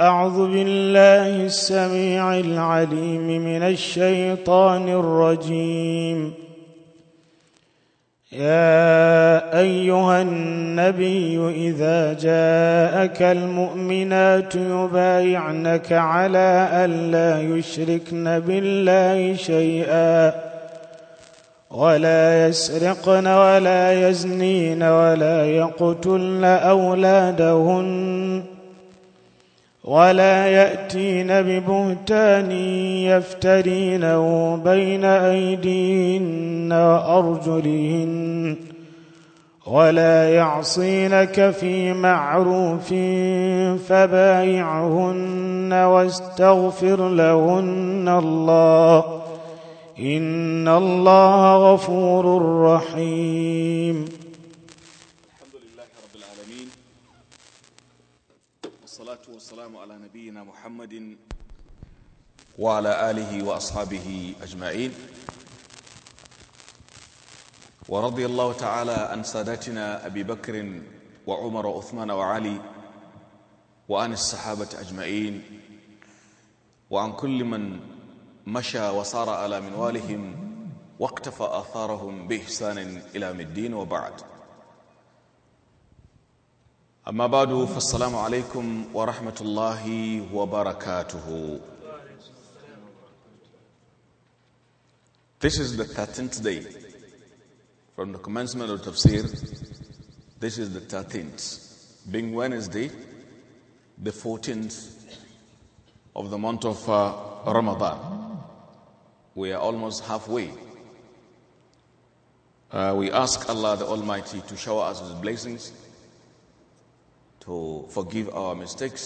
أعوذ بالله السميع العليم من الشيطان الرجيم يا أيها النبي إذا جاءك المؤمنات يبايعنك على أن لا يشركن بالله شيئا ولا يسرقن ولا يزنين ولا يقتلن أولادهن ولا يأتين ببهتان يفترينه بين أيديهن وأرجلهن ولا يعصينك في معروف فبايعهن واستغفر لهن الله إن الله غفور رحيم نبينا محمد وعلى آله وأصحابه أجمعين ورضي الله تعالى عن سادتنا أبي بكر وعمر وعثمان وعلي وعن الصحابة أجمعين وعن كل من مشى وصار على منوالهم واقتفى آثارهم بإحسان إلى الدين وبعد أما بعد فالسلام عليكم ورحمة الله وبركاته This is the 13th day from the commencement of Tafsir. This is the 13th, being Wednesday, the 14th of the month of uh, Ramadan. We are almost halfway. Uh, we ask Allah the Almighty to shower us with blessings to forgive our mistakes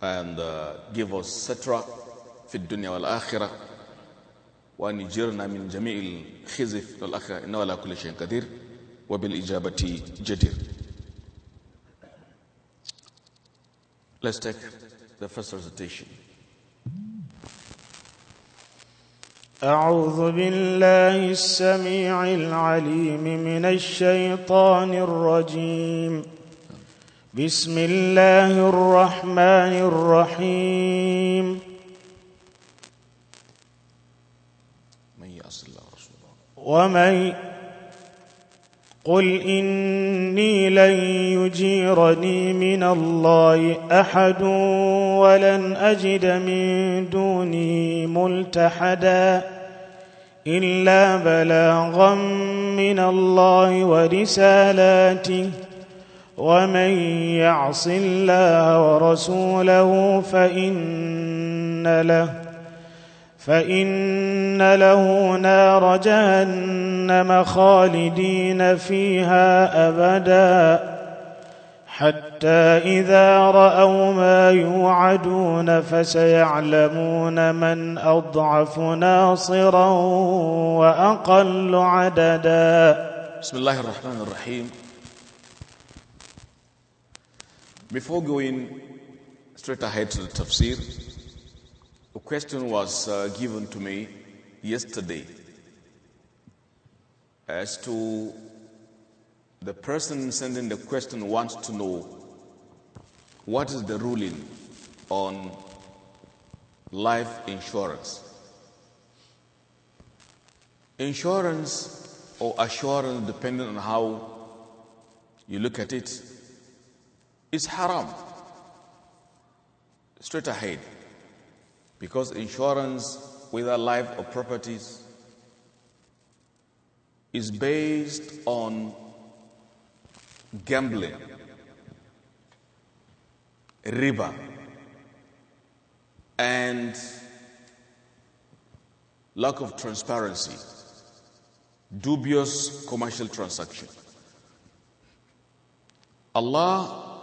and uh, give us satra fi dunya wal akhirah wa nijirna min jami'il khizi wal akhirah inna ala kulli shay'in qadir wa bil ijabati jadir let's take the first recitation اعوذ بالله السميع العليم من الشيطان الرجيم بسم الله الرحمن الرحيم من يعص الله ورسوله ومن قل إني لن يجيرني من الله أحد ولن أجد من دوني ملتحدا إلا بلاغا من الله ورسالاته ومن يعص الله ورسوله فإن له فإن له نار جهنم خالدين فيها أبدا حتى إذا رأوا ما يوعدون فسيعلمون من أضعف ناصرا وأقل عددا بسم الله الرحمن الرحيم Before going straight ahead to the tafsir, a question was uh, given to me yesterday as to the person sending the question wants to know what is the ruling on life insurance. Insurance or assurance, depending on how you look at it, is haram. Straight ahead. Because insurance, whether life or properties, is based on gambling, riba, and lack of transparency, dubious commercial transaction. Allah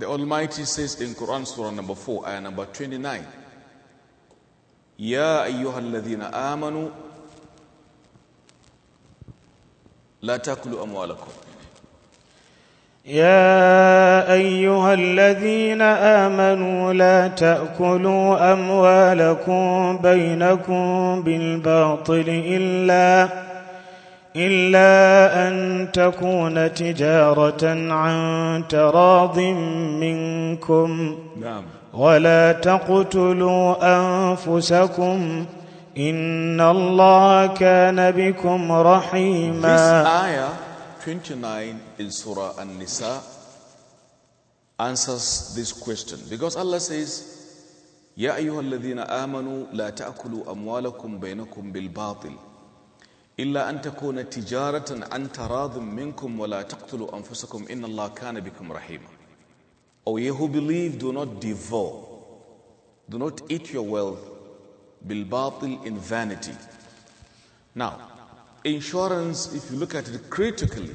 The Almighty says in Quran Surah number 4, ayah number 29, Ya أيها الذين آمنوا لا تأكلوا أموالكم يا أيها الذين آمنوا لا تأكلوا أموالكم بينكم بالباطل إلا أن الا ان تكون تجاره عن تراض منكم نعم ولا تقتلوا انفسكم ان الله كان بكم رحيما This ayah 29 in surah an-nisa answers this question because Allah says يا ايها الذين امنوا لا تاكلوا اموالكم بينكم بالباطل إلا أن تكون تجارة عن تراض منكم ولا تقتلوا أنفسكم إن الله كان بكم رحيما O ye who believe, do not devour, do not eat your wealth بالباطل in vanity. Now, insurance, if you look at it critically,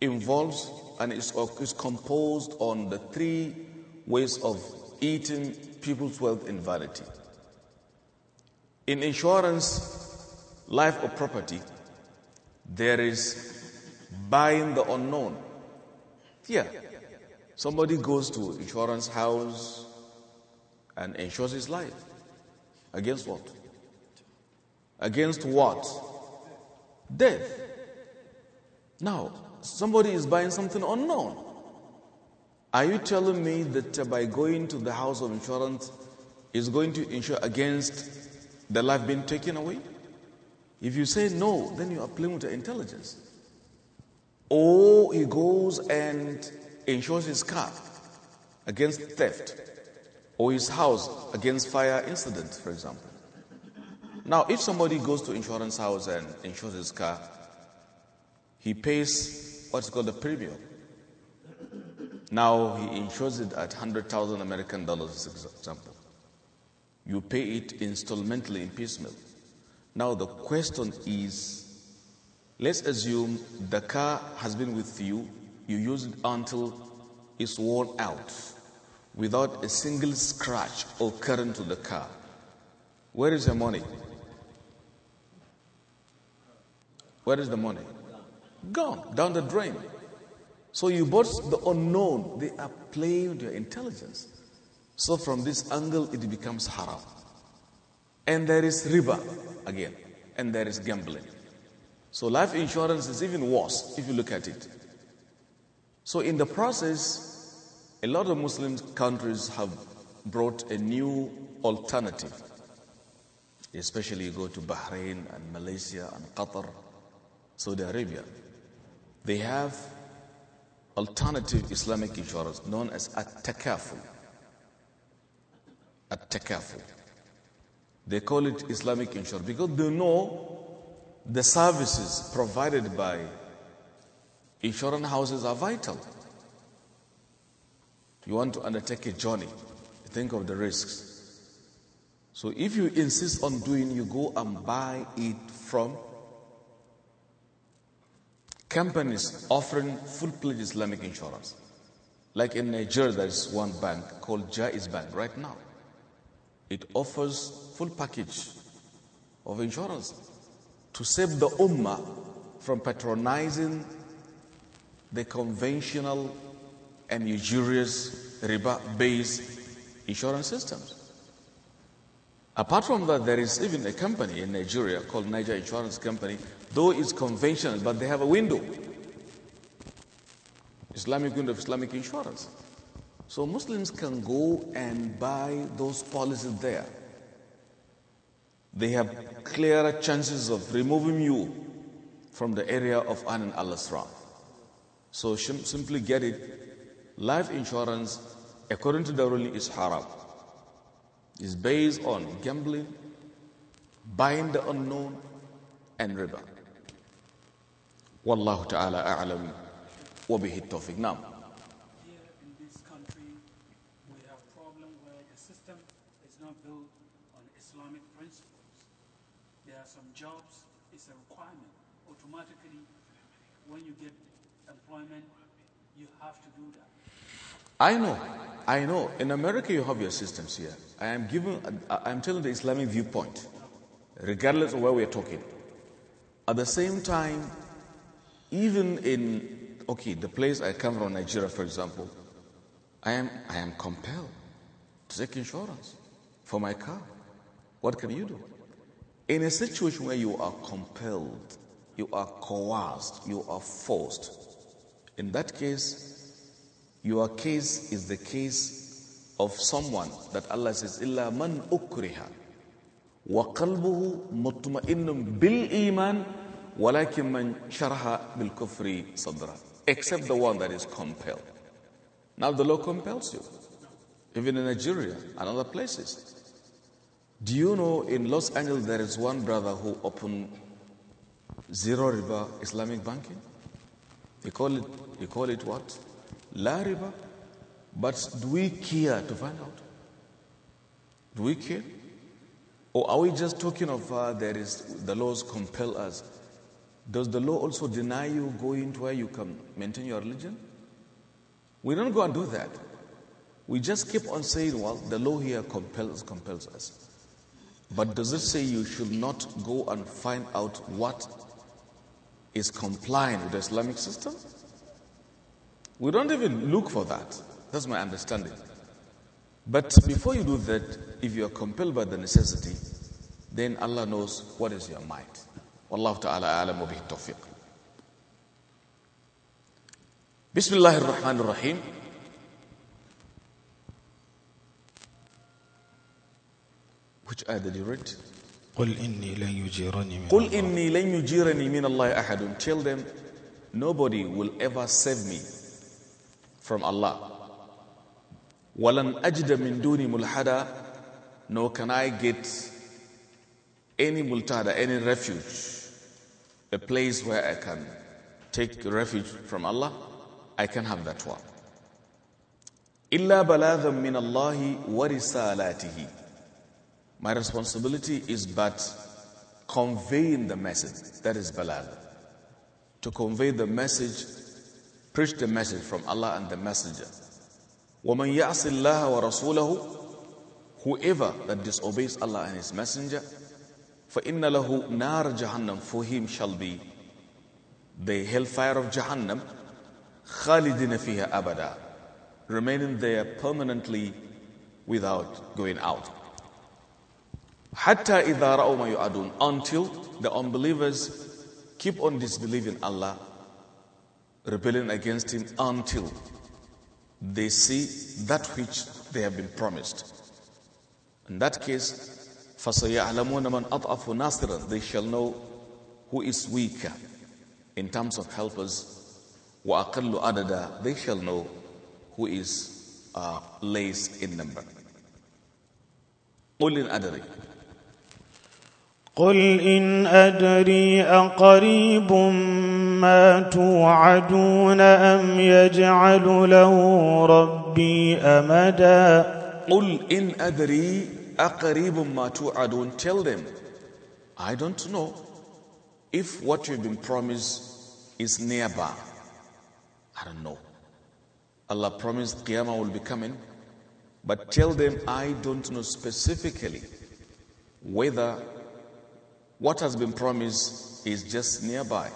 involves and is, is composed on the three ways of eating people's wealth in vanity. In insurance, life or property, there is buying the unknown. Yeah. Somebody goes to insurance house and insures his life. Against what? Against what? Death. Now, somebody is buying something unknown. Are you telling me that by going to the house of insurance is going to insure against the life being taken away? If you say no, then you are playing with your intelligence. Or he goes and insures his car against theft or his house against fire incident, for example. Now, if somebody goes to insurance house and insures his car, he pays what's called a premium. Now he insures it at 100,000 American dollars, for example. You pay it installmentally in piecemeal. Now, the question is let's assume the car has been with you, you use it until it's worn out without a single scratch occurring to the car. Where is the money? Where is the money? Gone, down the drain. So you bought the unknown. They are playing with your intelligence. So from this angle, it becomes haram. And there is riba again. And there is gambling. So life insurance is even worse if you look at it. So in the process, a lot of Muslim countries have brought a new alternative. Especially you go to Bahrain and Malaysia and Qatar, Saudi Arabia. They have alternative Islamic insurance known as at-takaful. At-takaful. They call it Islamic insurance because they know the services provided by insurance houses are vital. You want to undertake a journey, think of the risks. So if you insist on doing, you go and buy it from companies offering full-fledged Islamic insurance. Like in Nigeria, there is one bank called Jai's Bank right now. It offers full package of insurance to save the ummah from patronizing the conventional and usurious riba-based insurance systems. Apart from that, there is even a company in Nigeria called Niger Insurance Company, though it's conventional, but they have a window. Islamic window of Islamic insurance. So Muslims can go and buy those policies there. They have clearer chances of removing you from the area of An Allah's wrath. So simply get it. Life insurance, according to the ruling, is haram. It's based on gambling, buying the unknown, and riba. Wallahu ta'ala a'lam wa bihi tawfiq. Now, when you get employment, you have to do that. I know, I know. In America, you have your systems here. I am giving, I am telling the Islamic viewpoint, regardless of where we are talking. At the same time, even in okay, the place I come from, Nigeria, for example, I am I am compelled to take insurance for my car. What can you do? In a situation where you are compelled you are coerced, you are forced. In that case, your case is the case of someone that Allah says, إِلَّا مَنْ أُكْرِهَ وَقَلْبُهُ مُطْمَئِنٌ بِالْإِيمَانِ وَلَكِنْ مَنْ شَرْهَ بِالْكُفْرِ صَدْرًا Except the one that is compelled. Now the law compels you, even in Nigeria and other places. Do you know in Los Angeles there is one brother who opened zero riba Islamic banking. They call it, they call it what? La riba. But do we care to find out? Do we care? Or are we just talking of uh, there is the laws compel us? Does the law also deny you going to where you can maintain your religion? We don't go and do that. We just keep on saying, well, the law here compels, compels us. But does it say you should not go and find out what is complying with the Islamic system? We don't even look for that. That's my understanding. But before you do that, if you are compelled by the necessity, then Allah knows what is your mind. Wallahu ta'ala alamu bihi tawfiq. Bismillahir Rahmanir Rahim. Which ayah did you read? قل إني لن يجيرني من قل إني لن يجيرني من الله أحد Tell them, nobody will ever save me from Allah. ولن أجد من دوني ملحدا Nor can I get any multada, any refuge, a place where I can take refuge from Allah. I can have that one. إلا بلاغا من الله ورسالاته my responsibility is but conveying the message. That is balad. To convey the message, preach the message from Allah and the Messenger. وَمَنْ يَعْصِ اللَّهَ وَرَسُولَهُ Whoever that disobeys Allah and His Messenger, فَإِنَّ لَهُ نَارَ جَهَنَّمْ For him shall be the hellfire of Jahannam, خَالِدِينَ فِيهَا أَبَدًا Remaining there permanently without going out. Hatta idha ra'u ma yu'adun. Until the unbelievers keep on disbelieving Allah, rebelling against Him until they see that which they have been promised. In that case, فَسَيَعْلَمُونَ مَنْ أَضْعَفُ نَاصِرًا They shall know who is weaker in terms of helpers. وَأَقَلُّ أَدَدًا They shall know who is uh, less in number. قُلْ أَدَرِي قل إن أدري أقريب ما توعدون أم يجعل له ربي أمدا قل إن أدري أقريب ما توعدون Tell them I don't know if what you've been promised is nearby. I don't know. Allah promised Qiyamah will be coming, but tell them I don't know specifically whether What has been promised is just nearby.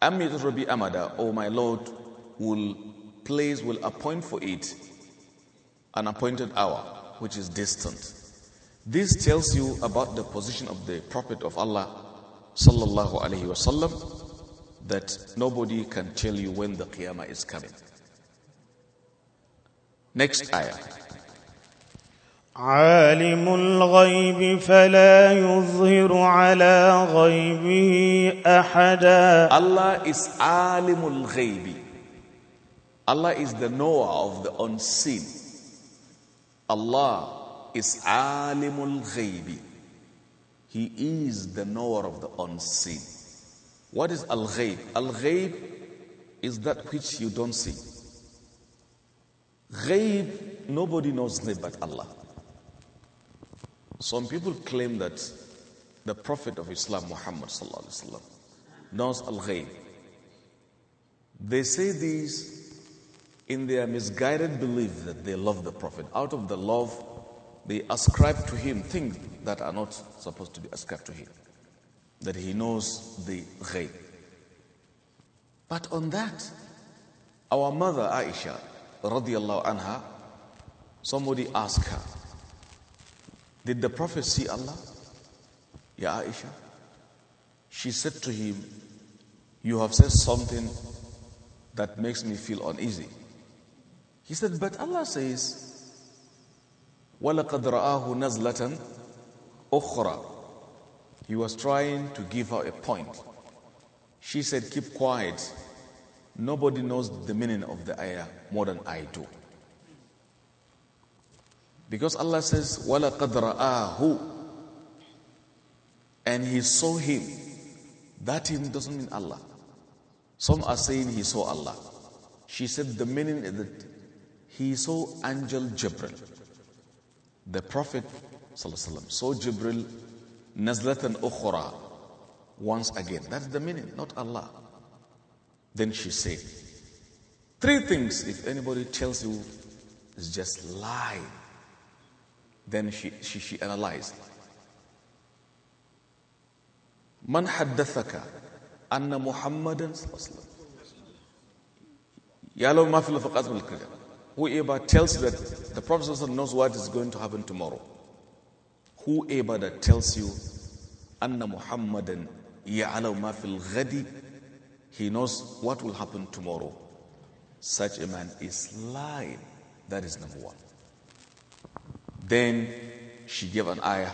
Amid Rabbi Amada, O oh my Lord, will place, will appoint for it an appointed hour, which is distant. This tells you about the position of the Prophet of Allah, sallallahu alaihi wasallam, that nobody can tell you when the Qiyamah is coming. Next ayah. عالم الغيب فلا يظهر على غيبه أحدا الله is عالم الغيب Allah is the knower of the unseen Allah is عالم الغيب He is the knower of the unseen What is الغيب الغيب is that which you don't see. غيب nobody knows it but Allah. Some people claim that the Prophet of Islam, Muhammad, وسلم, knows Al ghayb They say this in their misguided belief that they love the Prophet. Out of the love, they ascribe to him things that are not supposed to be ascribed to him, that he knows the ghayb. But on that, our mother Aisha, radiallahu anha, somebody asked her, did the Prophet see Allah? Ya Aisha. She said to him, You have said something that makes me feel uneasy. He said, But Allah says, وَلَقَدْ رَآهُ نَزْلَةً أُخْرَى He was trying to give her a point. She said, Keep quiet. Nobody knows the meaning of the ayah more than I do. Because Allah says, وَلَقَدْ رَآهُ And he saw him. That him doesn't mean Allah. Some are saying he saw Allah. She said the meaning is that he saw angel Jibril. The Prophet وسلم, saw Jibril nazlatan ukhra once again. That's the meaning, not Allah. Then she said, Three things, if anybody tells you, is just lie. Then she, she, she analyzed. من حدثك anna Muhammadan صلى الله whoever tells you that the Prophet knows what is going to happen tomorrow, whoever that tells you, Anna Muhammadan ya'alaw ma fil ghadi, he knows what will happen tomorrow. Such a man is lying. That is number one. Then she gave an ayah.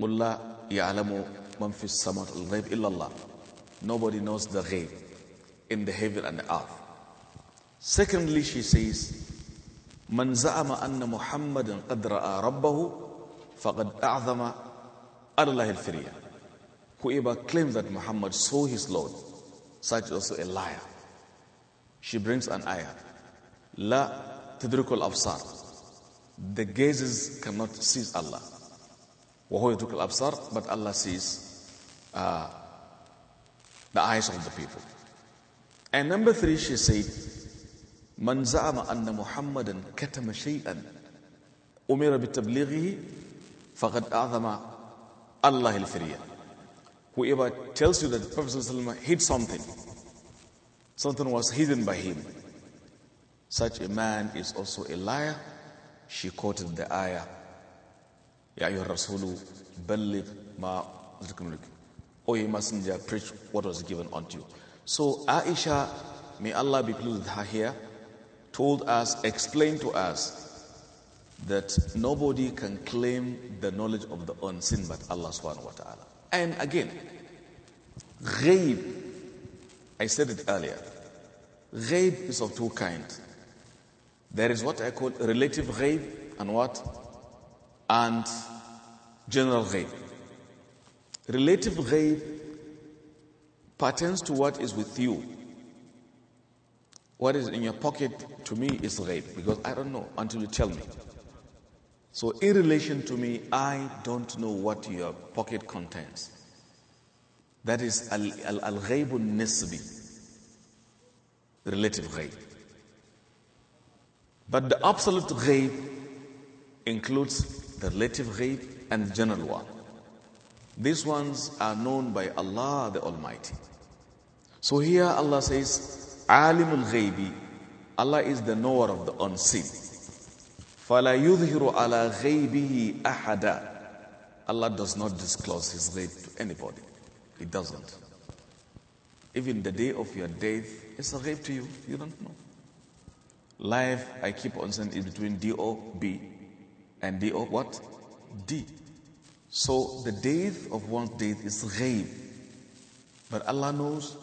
Mullah ya'lamu man fis al-ghayb illallah. Nobody knows the ghayb in the heaven and the earth. Secondly, she says, "Man zaama anna محمدا قد رأى Rabbahu, فقد أعظم على al Whoever claims that Muhammad saw his Lord, such is also a liar. She brings an ayah. "La تدرك absar." the gazes cannot see Allah. وَهُوَ يَتُكَ But Allah sees uh, the eyes of the people. And number three, she said, من زعم أن محمدا كتم شيئا أمر بتبليغه فقد أعظم firiya." Whoever tells you that the Prophet hid something, something was hidden by him, such a man is also a liar she quoted the ayah, Ya ayyuhar Rasulu, balligh ma O oh, ye messenger, preach what was given unto you. So Aisha, may Allah be pleased with her here, told us, explained to us that nobody can claim the knowledge of the unseen but Allah subhanahu wa ta'ala. And again, ghaib, I said it earlier, ghaib is of two kinds there is what I call relative ghaib and what? And general ghaib. Relative ghaib pertains to what is with you. What is in your pocket to me is ghaib because I don't know until you tell me. So, in relation to me, I don't know what your pocket contains. That is al ghaibun nisbi, relative ghaib. But the absolute ghaib includes the relative ghaib and the general one. These ones are known by Allah the Almighty. So here Allah says, Alimul ghaibi. Allah is the knower of the unseen. "Fala يُظْهِرُ عَلَى غَيْبِهِ Allah does not disclose His ghaib to anybody. He doesn't. Even the day of your death is a ghaib to you. You don't know. Life, I keep on saying, is between D-O-B and D-O what? D. So the death of one's death is ghaib. But Allah knows,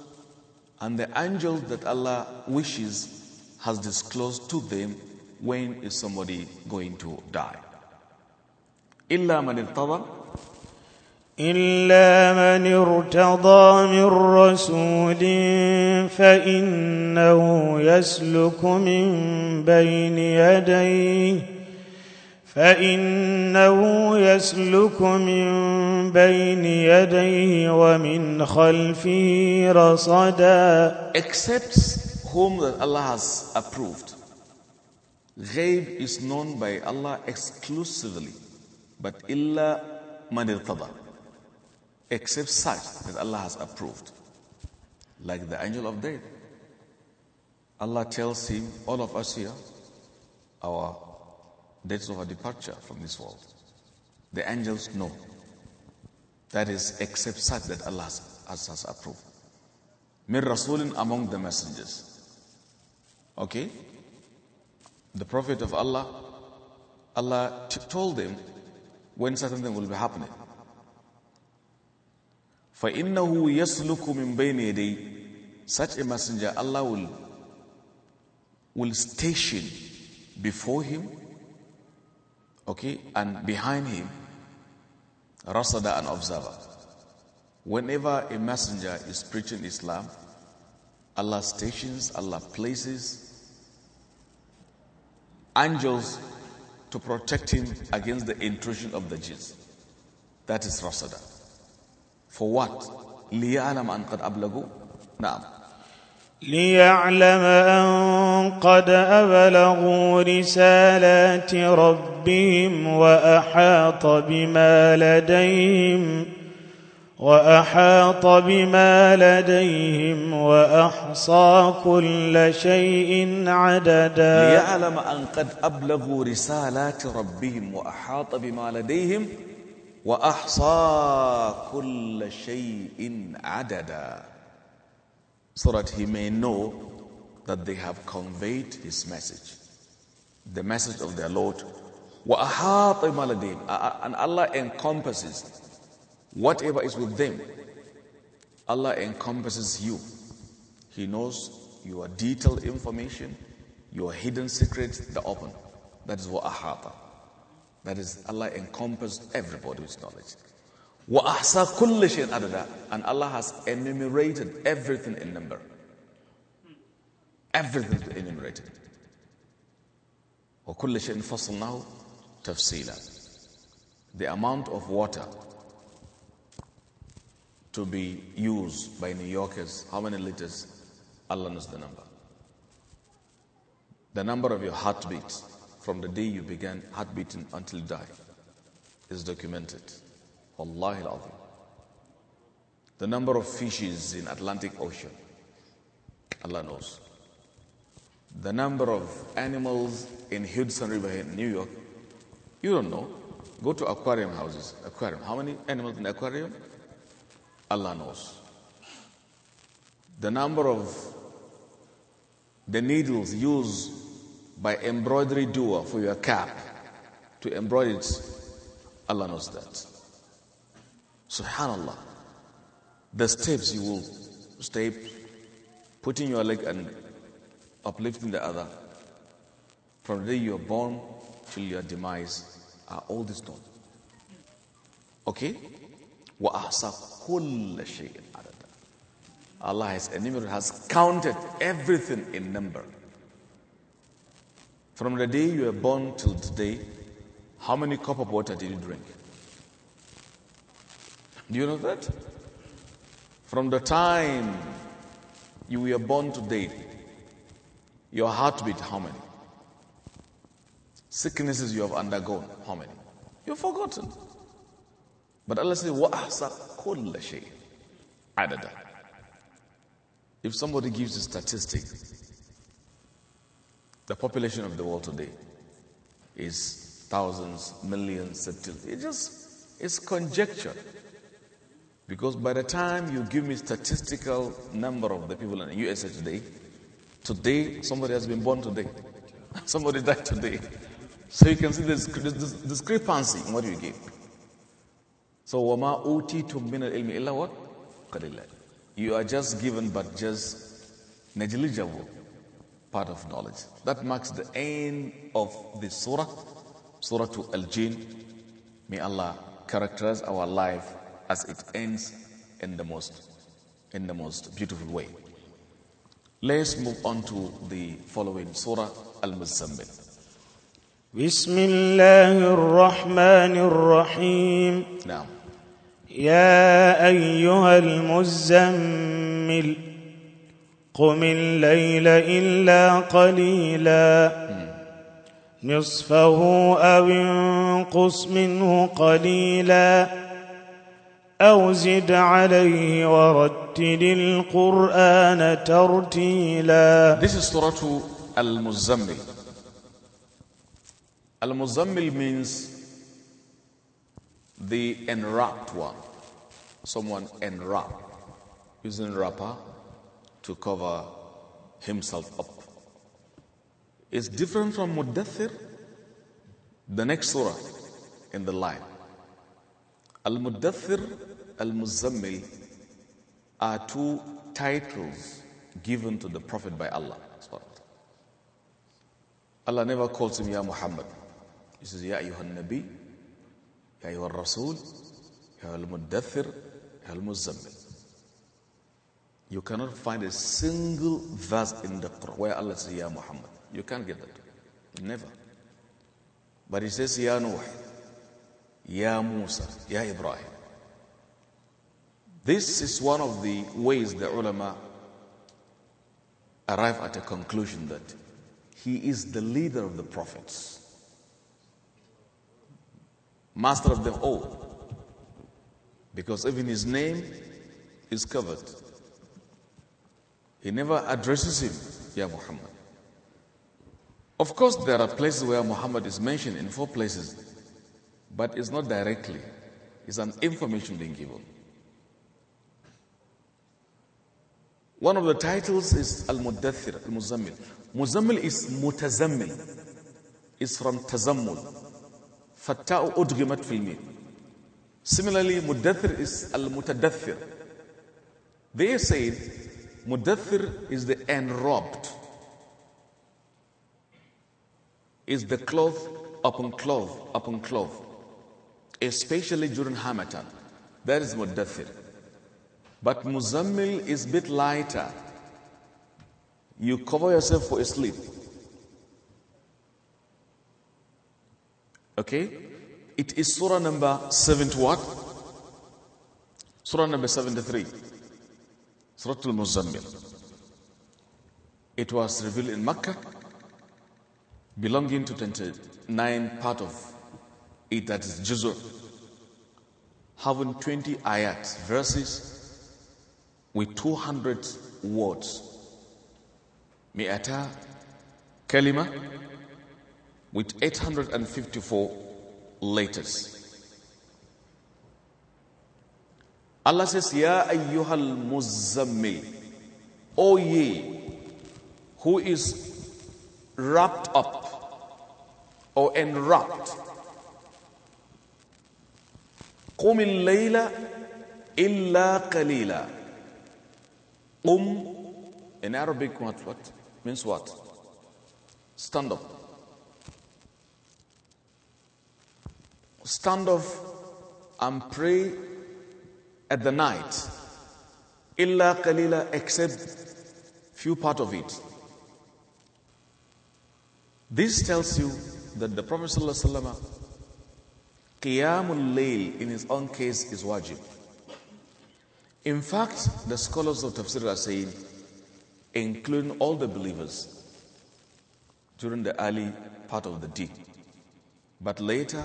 and the angels that Allah wishes has disclosed to them when is somebody going to die. إِلَّا مَنِ ارْتَضَى إلا من ارتضى من رسول فإنه يسلك من بين يديه فإنه يسلك من بين يديه ومن خلفه رصدا accepts whom that Allah has approved غيب is known by Allah exclusively but إلا من ارتضى except such that Allah has approved. Like the angel of death. Allah tells him, all of us here, our dates of our departure from this world. The angels know. That is, except such that Allah has, has approved. Mir Rasulin among the messengers. Okay? The Prophet of Allah, Allah told them when certain things will be happening. فَإِنَّهُ يَسْلُكُ مِنْ بَيْنِ يَدَيْهِ Such a messenger, Allah will, will station before him, okay, and behind him, rasada and observer. Whenever a messenger is preaching Islam, Allah stations, Allah places angels to protect him against the intrusion of the jinn. That is rasada. For what? ليعلم أن قد أبلغوا نعم ليعلم أن قد أبلغوا رسالات ربهم وأحاط بما لديهم وأحاط بما لديهم وأحصى كل شيء عددا ليعلم أن قد أبلغوا رسالات ربهم وأحاط بما لديهم وَأَحْصَى كُلَّ شَيْءٍ عَدَدًا So that he may know that they have conveyed his message, the message of their Lord. وَأَحَاطَ مَلَدِينَ And Allah encompasses whatever is with them. Allah encompasses you. He knows your detailed information, your hidden secrets, the open. That is what ahata. That is, Allah encompassed everybody with knowledge. وَأَحْصَى كُلِّ شَيْءٍ عَدَدًا And Allah has enumerated everything in number. Everything is enumerated. وَكُلِّ شَيْءٍ فَصَّلْنَاهُ تَفْصِيلًا The amount of water to be used by New Yorkers, how many liters? Allah knows the number. The number of your heartbeats, from the day you began heartbeating until you die is documented. Wallahi al The number of fishes in Atlantic Ocean, Allah knows. The number of animals in Hudson River in New York, you don't know. Go to aquarium houses. Aquarium. How many animals in the aquarium? Allah knows. The number of the needles used by embroidery doer for your cap to embroider it. Allah knows that. Subhanallah. The steps you will step, putting your leg and uplifting the other, from the day you are born till your demise, are all this done. Okay? وَأَحْصَى كُلَّ شَيْءٍ عَدَدًا Allah has enumerated, has counted everything in number. From the day you were born till today, how many cup of water did you drink? Do you know that? From the time you were born to date, your heartbeat, how many? Sicknesses you have undergone, how many? You've forgotten. But Allah says, وَأَحْصَى If somebody gives you statistics, the population of the world today is thousands, millions, it just it's conjecture. Because by the time you give me statistical number of the people in the USA today, today somebody has been born today, somebody died today. So you can see this, this discrepancy in what you give. So wama utitum min al-ilmi illa what? You are just given but just negligible part of knowledge. That marks the end of this surah, Surah to Al Jin. May Allah characterize our life as it ends in the most, in the most beautiful way. Let's move on to the following Surah Al Muzammil. بسم الله الرحمن الرحيم نعم يا أيها المزمل قم الليل إلا قليلا نصفه أو انقص منه قليلا أو زد عليه ورتل القرآن ترتيلا This is سورة المزمل المزمل means the enwrapped one someone enwrapped using wrapper to cover himself up. It's different from Muddathir, the next surah in the line. Al Muddathir, Al Muzammil are two titles given to the Prophet by Allah. Allah never calls him Ya Muhammad. He says Ya Ayyuhan Nabi, Ya Ayyuhan Rasul, Ya Al Muddathir, Ya Al Muzammil. You cannot find a single verse in the Quran where Allah says, Ya Muhammad. You can't get that. Never. But he says, Ya Nuh, Ya Musa, Ya Ibrahim. This is one of the ways the ulama arrive at a conclusion that he is the leader of the prophets, master of them all, because even his name is covered. He never addresses him, Ya Muhammad. Of course, there are places where Muhammad is mentioned in four places, but it's not directly, it's an information being given. One of the titles is Al mudathir Al Muzammil. Muzammil is Mutazammil, it's from Tazammul. Fatta'u udgimat fil Similarly, Mudathir is Al Mutadathir. They said Mudathir is the enrobed, is the cloth upon cloth upon cloth, especially during Hamatan. That is Mudathir. But Muzammil is a bit lighter. You cover yourself for a sleep. Okay? It is surah number 70 what? Surah number 73. Surah muzammil It was revealed in Mecca, belonging to 29 part of it, that is Juzur, having 20 ayat, verses with 200 words. Mi'ata kalima with 854 letters. Allah says, Ya ayyuhal muzzammil, O ye who is wrapped up or enwrapped. قم الليل إلا قليلا قم in Arabic what, what means what stand up stand up and pray at the night. Illa qalila, except few part of it. This tells you that the Prophet ﷺ, Qiyamul Layl in his own case is wajib. In fact, the scholars of Tafsir are saying, including all the believers during the early part of the day. But later,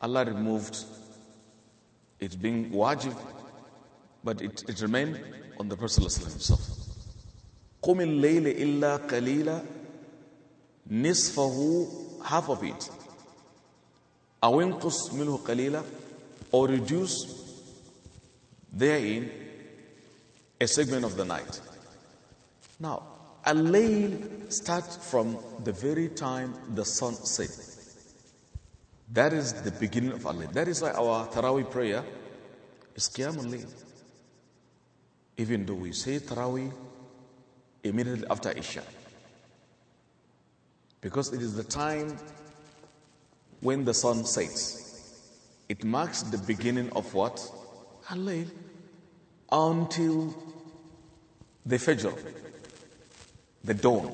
Allah removed it being wajib, but it, it remained on the Prophet himself. قُمِ اللَّيْلِ إِلَّا قَلِيلًا نِصْفَهُ Half of it. انقص مِنْهُ قَلِيلًا Or reduce therein a segment of the night. Now, a layl starts from the very time the sun sets. That is the beginning of our That is why our Taraweeh prayer is Qiyamul Layl. Even though we say Taraweeh immediately after Isha. Because it is the time when the sun sets. It marks the beginning of what? al Until the Fajr, the dawn.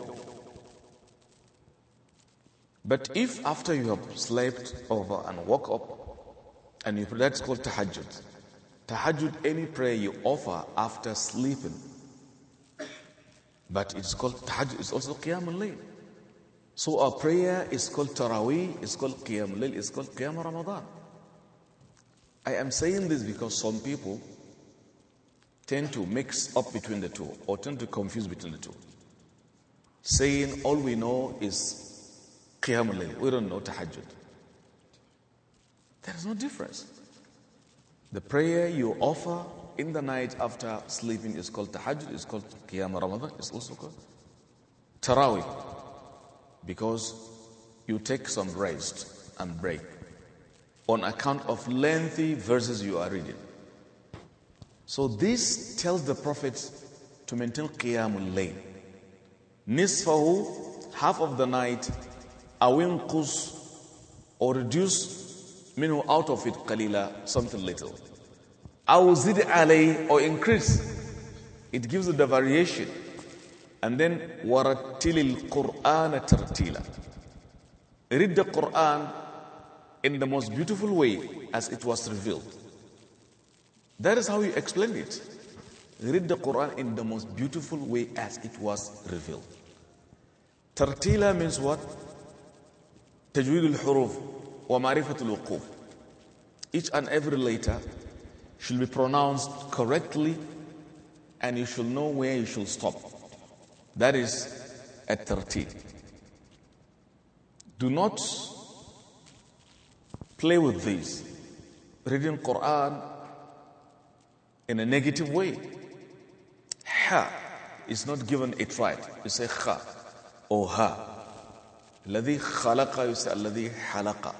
But if after you have slept over and woke up, and you pray, that's called tahajjud. Tahajjud, any prayer you offer after sleeping. But it's called tahajjud, it's also qiyam al-layl. So a prayer is called taraweeh, it's called qiyam al-layl, it's called qiyam ramadan. I am saying this because some people tend to mix up between the two or tend to confuse between the two. Saying all we know is Qiyamul Layl. We don't know Tahajjud. There is no difference. The prayer you offer in the night after sleeping is called Tahajjud, It's called Qiyam Ramadan, it's also called Taraweeh. Because you take some rest and break on account of lengthy verses you are reading. So this tells the Prophet to maintain Qiyamul Layl. Nisfahu, half of the night, أو or reduce منه out of it قليلا something little أو alay عليه or increase it gives the variation and then waratilil القرآن ترتيلا read the Quran in the most beautiful way as it was revealed that is how you explain it read the Quran in the most beautiful way as it was revealed. Tartila means what? تجويد الحروف ومعرفة الوقوف each and every letter should be pronounced correctly and you should know where you should stop that is at 13 do not play with these reading Quran in a negative way ha is not given it right you say kha or ha الذي خلق you say الذي حلق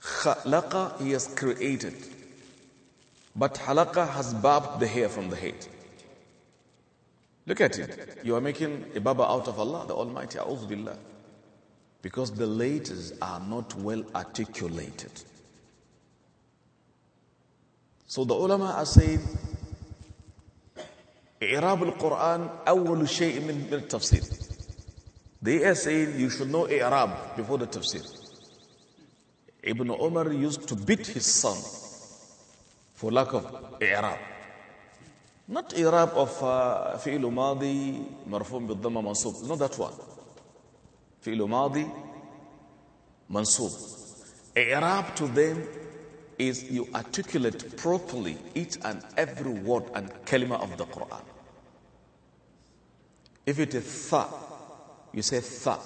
خلق he has created but halaka has barbed the hair from the head look at it you are making a baba out of Allah the Almighty أعوذ because the letters are not well articulated so the ulama are saying إعراب القرآن أول شيء من التفسير they are saying you should know Arab before the tafsir. Ibn Omar used to beat his son for lack of Arab. Not Arab of Fīlumādi, فعل ماضي مرفوع بالضمة منصوب. It's not that one. فعل ماضي Arab to them is you articulate properly each and every word and kalima of the Quran. If it is tha, you say tha.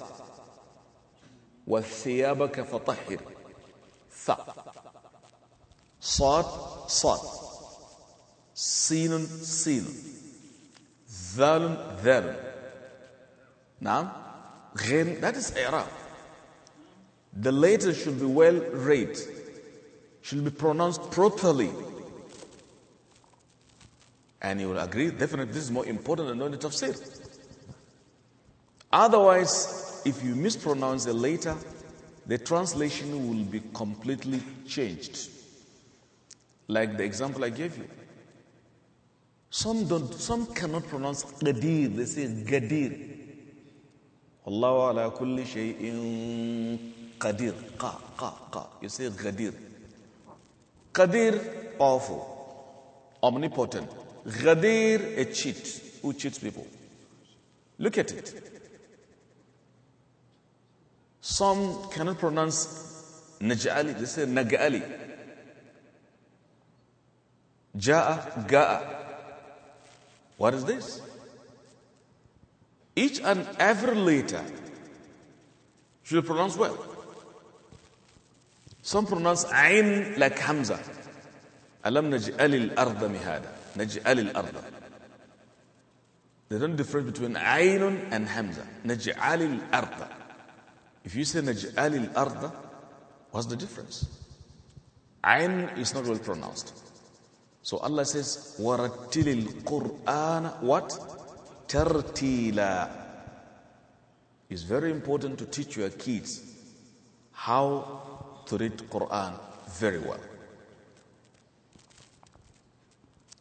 وَثِيَابَكَ فَطَهِّرْ Tha. Sad, sad. سين سين Dhalun, dhalun. نعم غير, that is Arab. The letters should be well read, should be pronounced properly. And you will agree, definitely, this is more important than knowing the tafsir. Otherwise, if you mispronounce the letter, the translation will be completely changed. Like the example I gave you. Some, don't, some cannot pronounce Qadir, they say Gadir. Allah ala kulli shay'in Qadir. Qa, qa, qa. You say Qadir. Qadir, powerful, omnipotent. Ghadir, a cheat, who cheats people. Look at it. Some cannot pronounce Naj'ali, they say Nag'ali. Ja'a, Ga'a. What is this? Each and every letter should pronounce well. Some pronounce Ain like Hamza. Alam naj'alil arda mihada. Naj'alil arda. There's do difference between ain and Hamza. Naj'alil arda. If you say Naj'ali al-arda, what's the difference? Ain is not well pronounced. So Allah says, وَرَتِّلِ Quran. What? تَرْتِيلًا It's very important to teach your kids how to read Quran very well.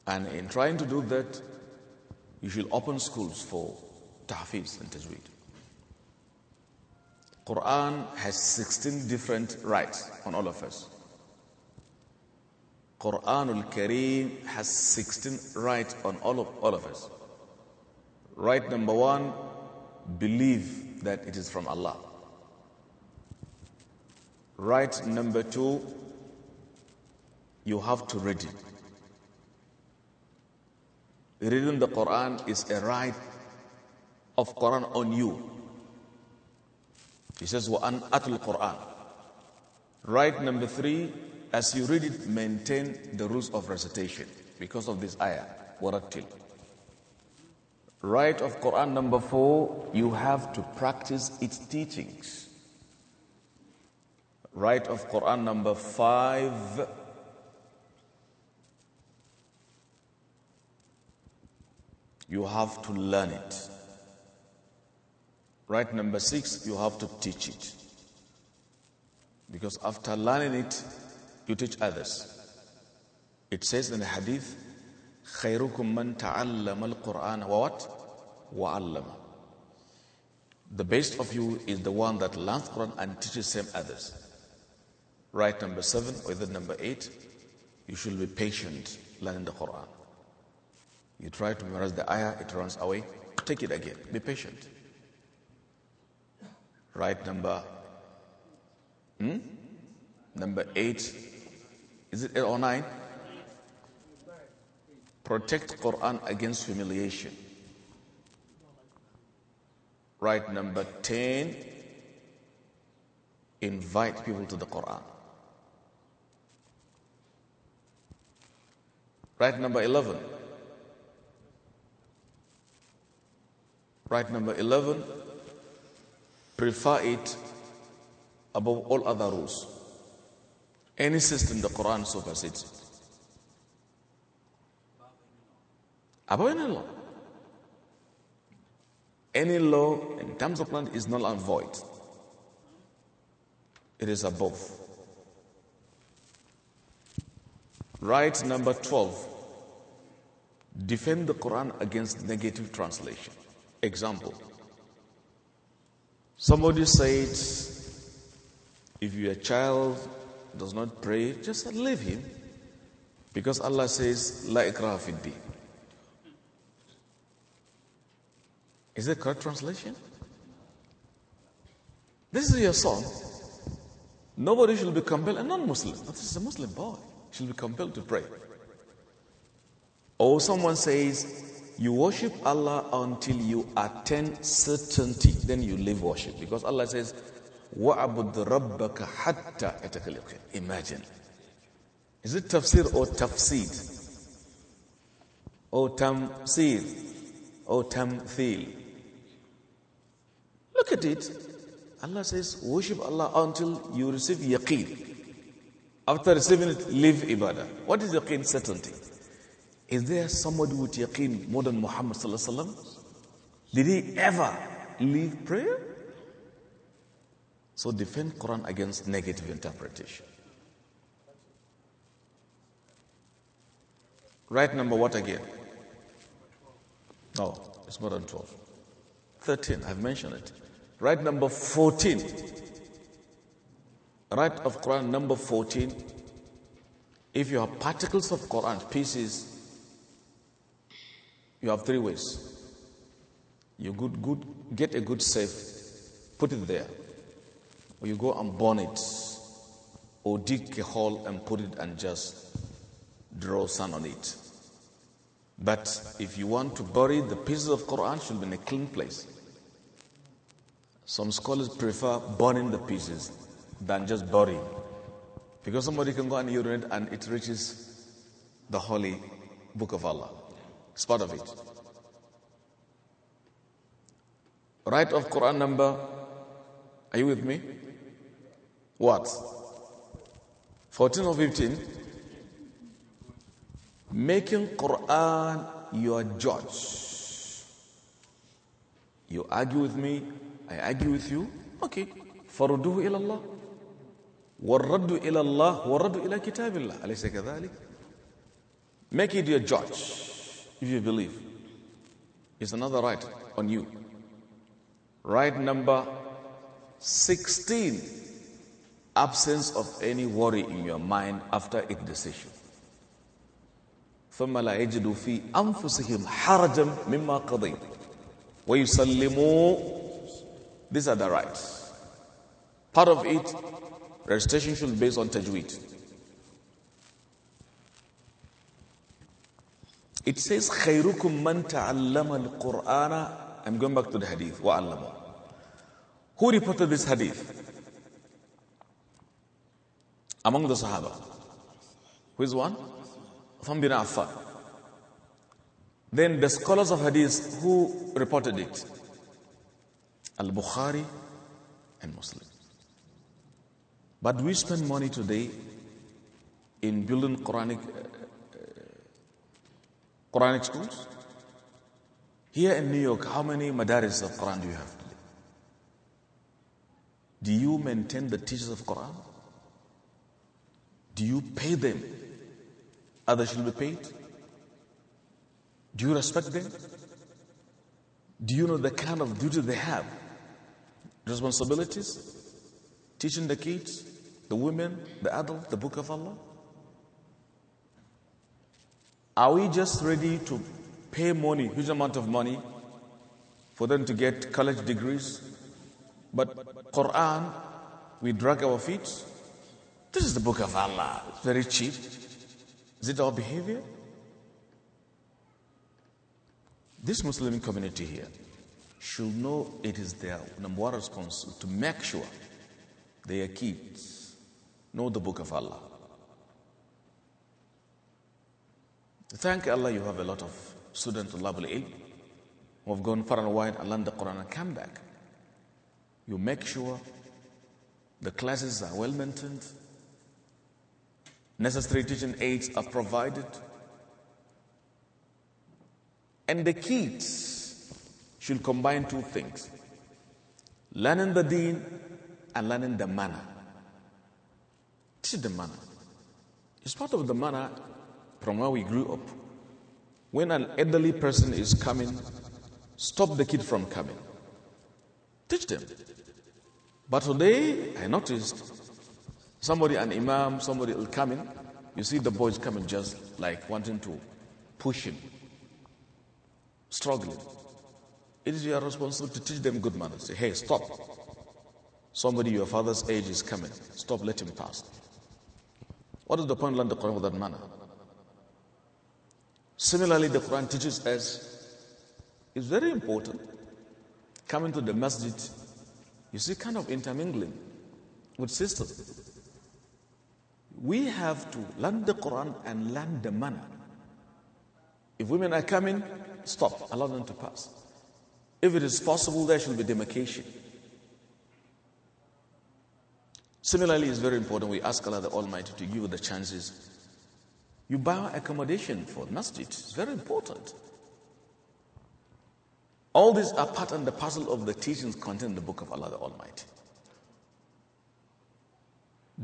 And in trying to do that, you should open schools for tahfiz and tajweed. Quran has 16 different rights on all of us. Quranul Kareem has 16 rights on all of, all of us. Right number one, believe that it is from Allah. Right number two, you have to read it. Reading the Quran is a right of Quran on you. He says, وَأَنْ أَتْلُ Quran. Right number three, as you read it, maintain the rules of recitation because of this ayah, وَرَتِّلْ Right of Quran number four, you have to practice its teachings. Right of Quran number five, you have to learn it. Right? Number six, you have to teach it. Because after learning it, you teach others. It says in the hadith, خيركم من تعلم القرآن What? وعلم The best of you is the one that learns Quran and teaches him others. Right number seven or the number eight, you should be patient learning the Quran. You try to memorize the ayah, it runs away. Take it again. Be patient. Right number, hmm? number eight. Is it eight or nine? Protect Quran against humiliation. Right number 10, invite people to the Quran. Right number 11. Right number 11, prefer it above all other rules. Any system the Quran supersedes it. Above any law. Any law in terms of land is null and void. It is above. Right number 12. Defend the Quran against negative translation. Example. Somebody said, if your child does not pray, just leave him. Because Allah says, La ikraha fid Is that correct translation? This is your son. Nobody should be compelled, a non Muslim, this is a Muslim boy, should be compelled to pray. Or someone says, you worship Allah until you attain certainty, then you leave worship. Because Allah says, وَعَبُدْ رَبَّكَ حَتَّى يَتَكَلِقِ Imagine. Is it tafsir or tafsid? Or tamsir? Or tamthil? Look at it. Allah says, worship Allah until you receive yaqeen. After receiving it, leave ibadah. What is yaqeen? Certainty. Is there somebody with yaqeen more than Muhammad sallallahu Did he ever leave prayer? So defend Quran against negative interpretation. Right number what again? No, it's more than 12. 13, I've mentioned it. Right number 14. Right of Quran number 14. If you have particles of Quran, pieces, you have three ways. You good, good, get a good safe, put it there. Or you go and burn it. Or dig a hole and put it and just draw sun on it. But if you want to bury the pieces of Quran, should be in a clean place. Some scholars prefer burning the pieces than just burying. Because somebody can go and urinate and it reaches the holy book of Allah. It's part of it. Right of Quran number, are you with me? What? 14 or 15? Making Quran your judge. You argue with me, I argue with you. Okay. فرده إلى الله والرد إلى الله والرد إلى كتاب الله أليس كذلك؟ Make it your judge if you believe. It's another right on you. Right number 16 absence of any worry in your mind after a decision. ثم لا يجدوا في أنفسهم حرجا مما قضيت ويسلموا These are the rights. Part of it, registration should be based on tajweed. It says, خيركم من تعلم القرآن I'm going back to the hadith. وعلمه. Who reported this hadith? Among the Sahaba. Who is one? From bin Affan. Then the scholars of hadith, who reported it? Al-Bukhari and Muslim. But we spend money today in building Quranic Quranic schools? Here in New York, how many madaris of Quran do you have? Do you maintain the teachers of Quran? Do you pay them? Others should be paid? Do you respect them? Do you know the kind of duty they have? Responsibilities? Teaching the kids, the women, the adults, the book of Allah? Are we just ready to pay money, huge amount of money, for them to get college degrees? But Quran, we drag our feet. This is the book of Allah. It's very cheap. Is it our behavior? This Muslim community here should know it is their number one responsibility to make sure their kids know the book of Allah. Thank Allah you have a lot of students of Labul Ilm who have gone far and wide and learned the Quran and come back. You make sure the classes are well maintained, necessary teaching aids are provided, and the kids should combine two things learning the deen and learning the manner. Teach the manner. It's part of the manner from where we grew up. When an elderly person is coming, stop the kid from coming. Teach them. But today, I noticed somebody, an imam, somebody will come in. You see the boys coming just like wanting to push him, struggling. It is your responsibility to teach them good manners. Say, hey, stop. Somebody your father's age is coming. Stop, let him pass. What is the point of learning the Quran with that manner? Similarly, the Quran teaches us it's very important coming to the masjid, you see, kind of intermingling with sisters. We have to learn the Quran and learn the manner. If women are coming, stop, allow them to pass. If it is possible, there should be demarcation. Similarly, it's very important we ask Allah the Almighty to give us the chances you buy accommodation for the masjid. It's very important. All these are part and the parcel of the teachings contained in the book of Allah the Almighty.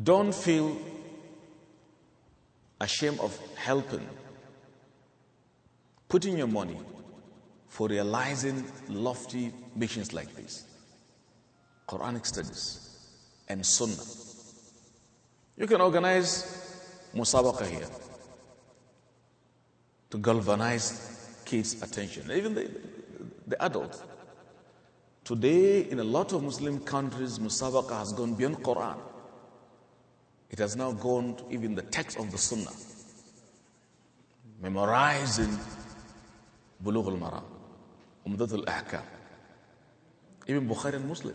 Don't feel ashamed of helping, putting your money for realizing lofty missions like this. Quranic studies and Sunnah. You can organize musabaqah here to galvanize kids' attention, even the, the adults. Today, in a lot of Muslim countries, musabaqah has gone beyond Quran. It has now gone to even the text of the Sunnah. Memorizing Bulugh al-Maram, Umdat al-Ahkam. Even Bukhari and Muslim.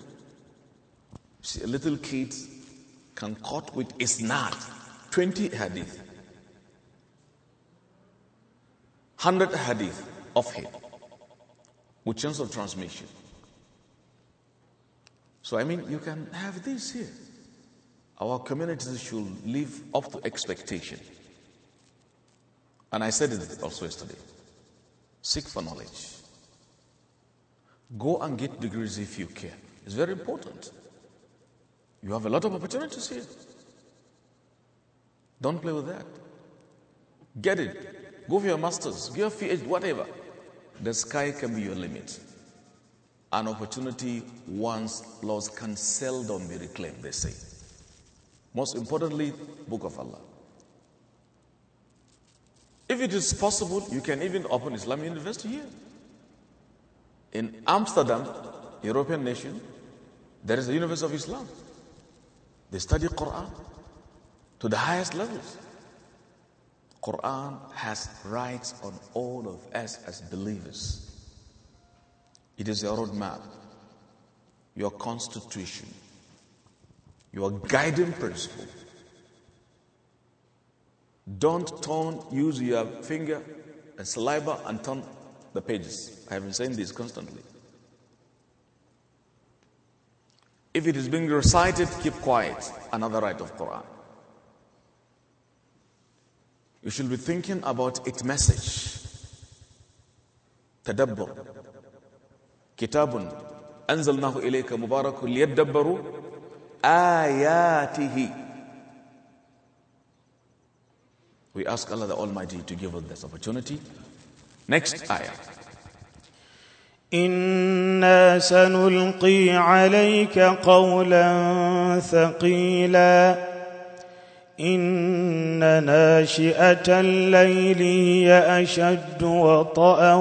See, a little kid can cut with isnad 20 hadith. 100 hadith of him with chance of transmission. So, I mean, you can have this here. Our communities should live up to expectation. And I said it also yesterday seek for knowledge. Go and get degrees if you can. It's very important. You have a lot of opportunities here. Don't play with that. Get it. Go for your master's, go for your PhD, whatever. The sky can be your limit. An opportunity once lost can seldom be reclaimed, they say. Most importantly, Book of Allah. If it is possible, you can even open Islamic University here. In Amsterdam, European nation, there is the University of Islam. They study Quran to the highest levels. Quran has rights on all of us as believers. It is your roadmap, your constitution, your guiding principle. Don't turn, use your finger and saliva and turn the pages. I have been saying this constantly. If it is being recited, keep quiet. Another right of Quran. You should be thinking about its message. تدبر كتاب أنزلناه إليك مبارك ليدبروا آياته We ask Allah the Almighty to give us this opportunity. Next ayah. إنا سنلقي عليك قولا ثقيلا إن ناشئة الليل هي أشد وطأ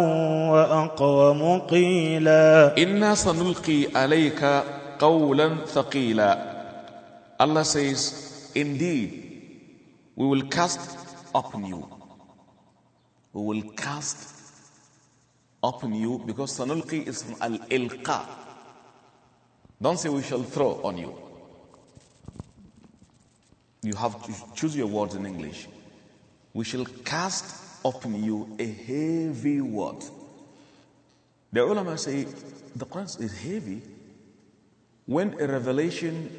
وأقوم قيلا إنا سنلقي عليك قولا ثقيلا Allah says, Indeed, we will cast upon you. We will cast upon you because sanulqi is from al ilqa. Don't say we shall throw on you. You have to choose your words in English. We shall cast upon you a heavy word. The ulama say the Quran is heavy. When a revelation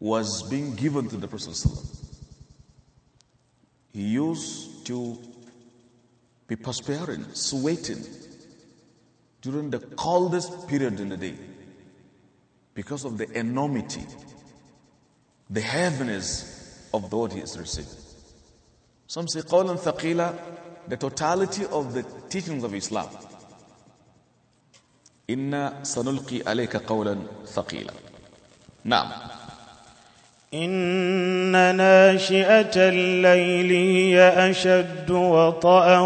was being given to the Prophet, he used to be perspiring, sweating during the coldest period in the day because of the enormity the heaviness of the word he is receiving. Some say Qawlan Thaqila, the totality of the teachings of Islam. إنا سنلقي عليك قولا ثقيلا نعم إن ناشئة الليل هي أشد وطأا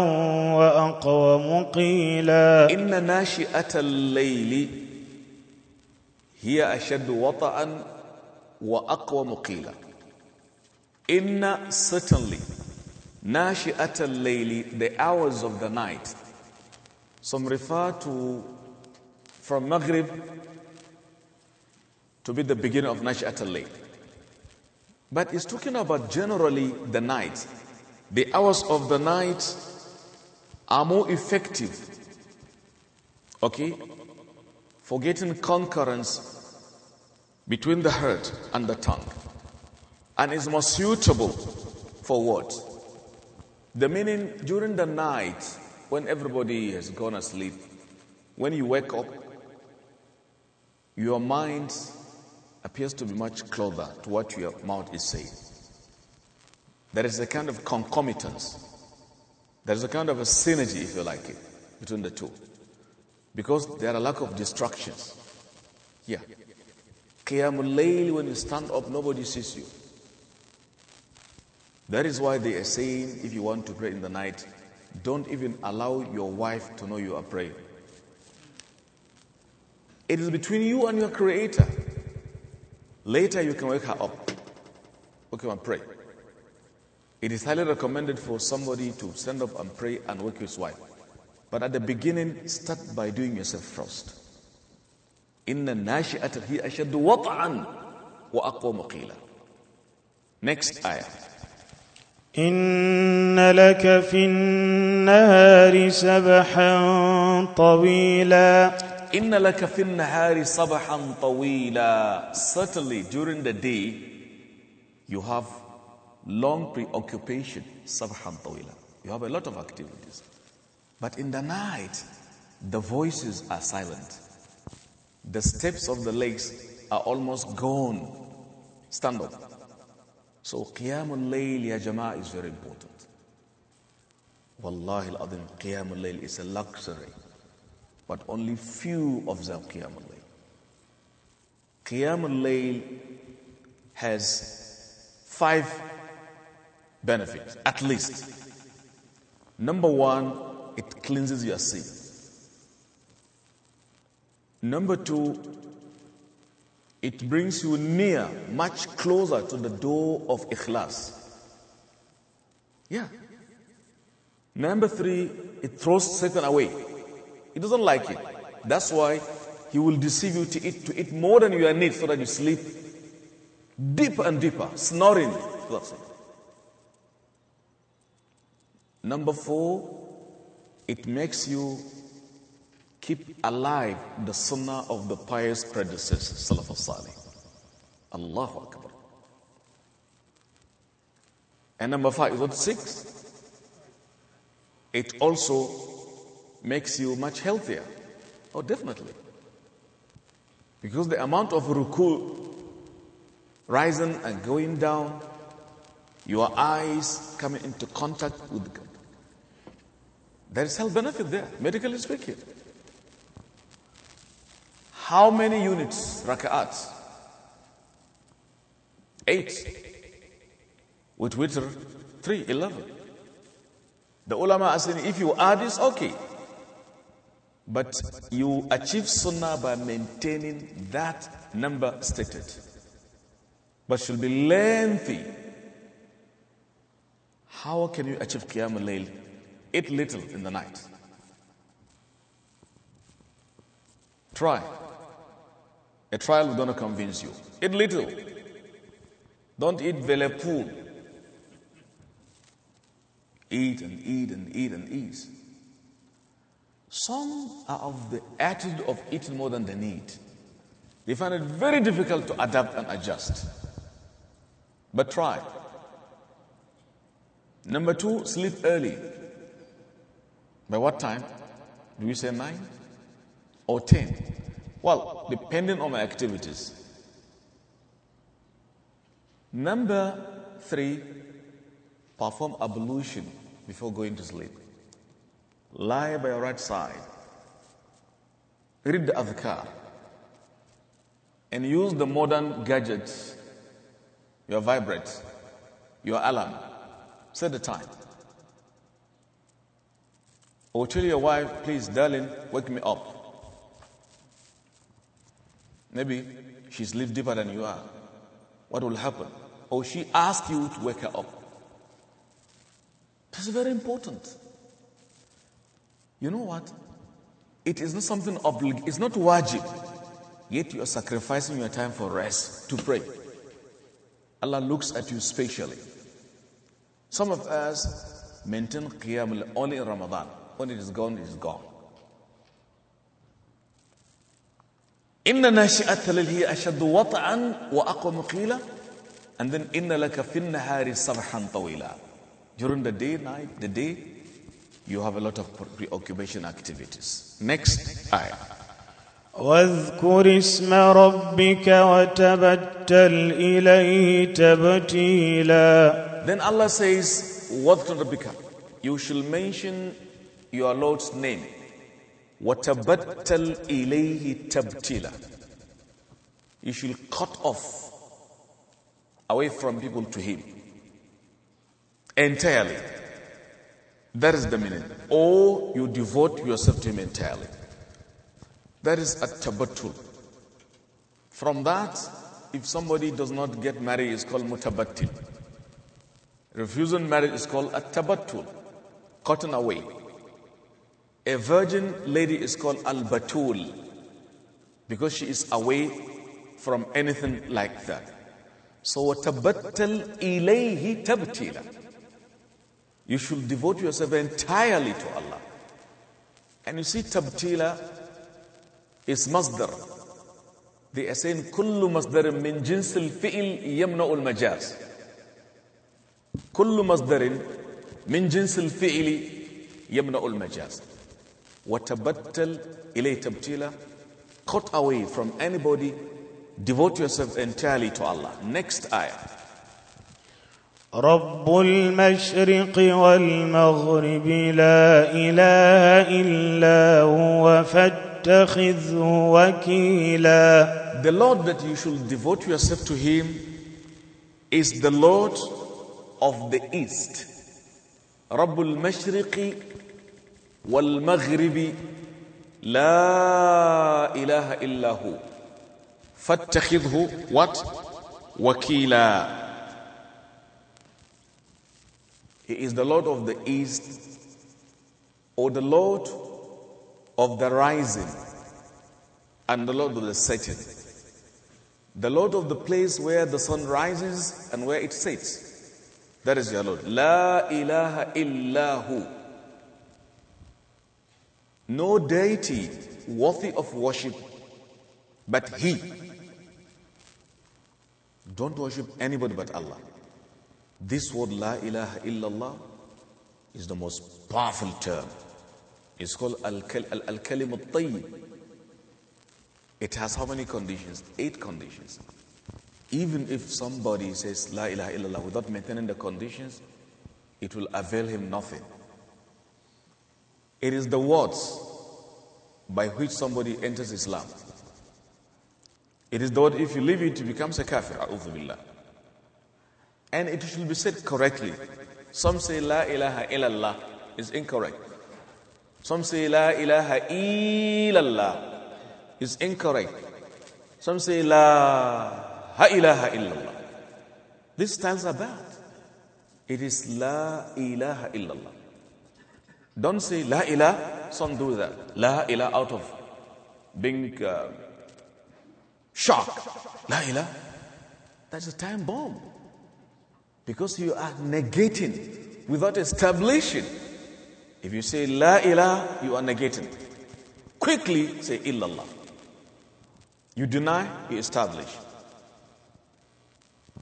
وأقوم قيلا إن ناشئة الليل هي أشد وطأا وأقوم قيلا Inna certainly ناشئة الليل the hours of the night some refer to from Maghrib to be the beginning of nashi'at al-Layl. But it's talking about generally the night. The hours of the night are more effective, okay, for getting concurrence between the heart and the tongue and is more suitable for what? The meaning during the night when everybody has gone asleep, when you wake up, your mind appears to be much closer to what your mouth is saying. There is a kind of concomitance. There is a kind of a synergy, if you like it, between the two. Because there are a lack of distractions. Yeah. Qiyamul Layl, when you stand up, nobody sees you. That is why they are saying if you want to pray in the night, don't even allow your wife to know you are praying. It is between you and your Creator. Later, you can wake her up. Okay, and pray. It is highly recommended for somebody to stand up and pray and wake his wife. But at the beginning, start by doing yourself first. إن الناشئة هي أشد وطعا وأقوى مقيلا Next ayah إن لك في النهار سبحا طويلا إن لك في النهار سبحا طويلا Certainly during the day you have long preoccupation سبحا طويلا You have a lot of activities But in the night the voices are silent the steps of the legs are almost gone. Stand up. So Qiyamul Layl, Ya Jama'ah, is very important. Wallahi al-Azim, Qiyamul Layl is a luxury. But only few observe Qiyamul Layl. Qiyamul Layl has five benefits, at least. Number one, it cleanses your sins. Number two, it brings you near, much closer to the door of ikhlas. Yeah. Number three, it throws Satan away. He doesn't like it. That's why he will deceive you to eat, to eat more than you need so that you sleep deeper and deeper, snoring. Number four, it makes you keep alive the sunnah of the pious predecessors, Salaf al-Salih. Allahu Akbar. And number five, what six? It also makes you much healthier. Oh, definitely. Because the amount of ruku rising and going down, your eyes coming into contact with God. There is health benefit there, medically speaking. How many units, raka'at? Eight. With witr, three, eleven. The ulama are saying, if you add this, okay. But you achieve sunnah by maintaining that number stated. But should be lengthy. How can you achieve Qiyam al-Layl? Eat little in the night. Try. A trial is going to convince you. Eat little. Don't eat velepul. Eat and eat and eat and eat. Some are of the attitude of eating more than they need. They find it very difficult to adapt and adjust. But try. Number two, sleep early. By what time? Do we say nine or ten? Well, depending on my activities. Number three, perform ablution before going to sleep. Lie by your right side. Read the adhkar. And use the modern gadgets, your vibrate, your alarm. Set the time. Or oh, tell your wife, please, darling, wake me up. Maybe she's lived deeper than you are. What will happen? Or she asks you to wake her up. That's very important. You know what? It is not something oblig. It's not wajib. Yet you are sacrificing your time for rest to pray. Allah looks at you specially. Some of us maintain qiyam only in Ramadan. When it is gone, it is gone. إن ناشئة الليل هي أشد وطئا وأقوم قيلا and then إن لك في النهار صبحا طويلا during the day night the day you have a lot of preoccupation activities next ayah واذكر اسم ربك وتبتل إليه تبتيلا Then Allah says, واذكر ربك You shall mention your Lord's name. وَتَبَتَّلْ ilayhi tabtila. You should cut off away from people to him. Entirely. That is the meaning. Or you devote yourself to him entirely. That is a tabatul. From that, if somebody does not get married, it's called mutabattil. Refusing marriage is called a tabattul, Cutting away. A virgin lady is called Al Batul because she is away from anything like that. So, وَتَبَتَّلْ ilayhi tabtila. You should devote yourself entirely to Allah. And you see, tabtila is masdar. They are saying, كُلُّ مَصْدَرٍ مِنْ جِنْسِ الْفِئِلْ يَمْنَعُ الْمَجَازِ كُلُّ مَصْدَرٍ مِنْ جِنْسِ الْفِئِلِ يَمْنَعُ الْمَجَازِ وتبتل Ilay tabtila, cut away from anybody devote yourself entirely to Allah next ayah رب المشرق والمغرب لا إله إلا هو فاتخذه وكيلا The Lord that you should devote yourself to Him is the Lord of the East. رب المشرق والمغرب لا إله إلا هو فاتخذه what وكيلا He is the Lord of the East or the Lord of the rising and the Lord of the setting. The Lord of the place where the sun rises and where it sets. That is your Lord. La ilaha illahu no deity worthy of worship but He. Don't worship anybody but Allah. This word La ilaha illallah is the most powerful term. It's called Al Kalim al Tayyib. It has how many conditions? Eight conditions. Even if somebody says La ilaha illallah without maintaining the conditions, it will avail him nothing. It is the words by which somebody enters Islam. It is the word, if you leave it, it becomes a kafir, billah. And it should be said correctly. Some say la ilaha illallah is incorrect. Some say la ilaha illallah is incorrect. Some say la ha ilaha illallah. These styles are bad. It is la ilaha illallah. Don't say La ilaha, some do that. La ilaha out of being uh, shocked. La ilaha, that's a time bomb. Because you are negating without establishing. If you say La ilaha, you are negating. Quickly say Illallah. You deny, you establish.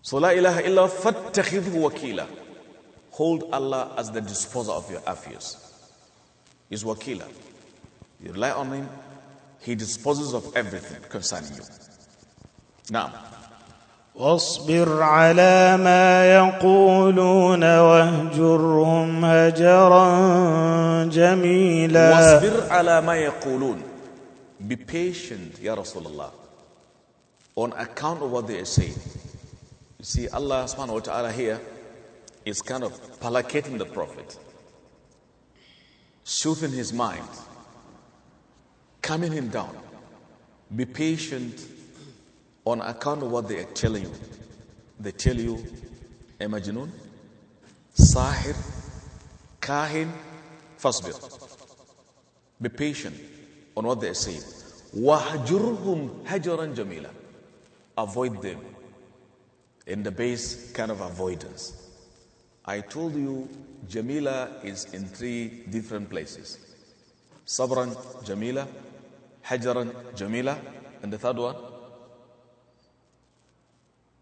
So La ilaha illallah fattakhidhu wakila. Hold Allah as the disposer of your affairs is wakila. You rely on him, he disposes of everything concerning you. Now, واصبر على ما يقولون واهجرهم هجرا جميلا واصبر على ما يقولون be patient يا رسول الله on account of what they are saying you see Allah subhanahu wa ta'ala here is kind of placating the prophet soothing his mind, calming him down. Be patient on account of what they are telling you. They tell you, Imagine, Sahir, Kahin, Fasbir. Be patient on what they are saying. Wahjurhum hajaran jamila. Avoid them in the base kind of avoidance. I told you Jamila is in three different places. Sabran, Jamila, Hajaran, Jamila, and the third one?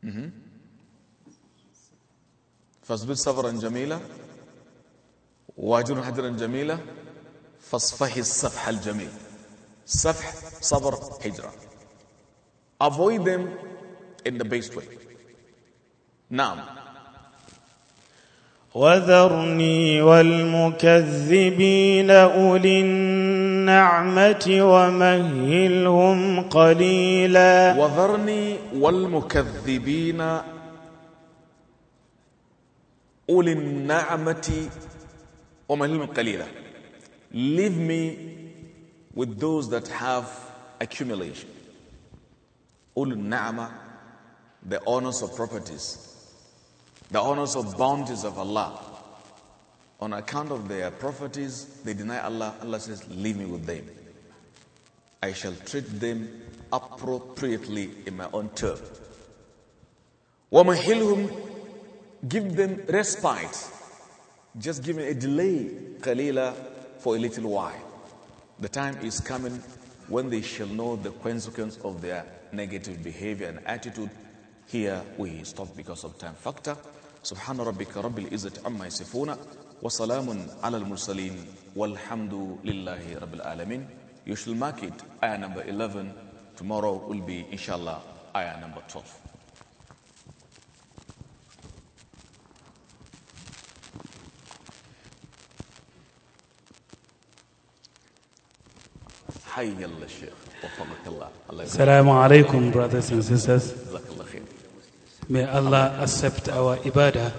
Mm-hmm. فاصبر صبرا جميلا Jamila. حجرا Jamila, فاصفح الصفح الجميل صفح Sabr hijra. avoid them in the best way now وذرني والمكذبين أولي النعمة ومهلهم قليلا وذرني والمكذبين أولي النعمة ومهلهم قليلا Leave me with those that have accumulation. أولي النعمة, the owners of properties, the honors of bounties of Allah. On account of their properties, they deny Allah. Allah says, Leave me with them. I shall treat them appropriately in my own turf. وَمَحِلْهُمْ Give them respite. Just give me a delay, Kalila, for a little while. The time is coming when they shall know the consequence of their negative behavior and attitude here we stop because of time factor. سبحان ربك رب العزة عما يصفون وسلام على المرسلين والحمد لله رب العالمين. You shall mark it ayah number 11. Tomorrow will be inshallah ayah number 12. حي الله brothers and sisters May Allah accept our ibadah.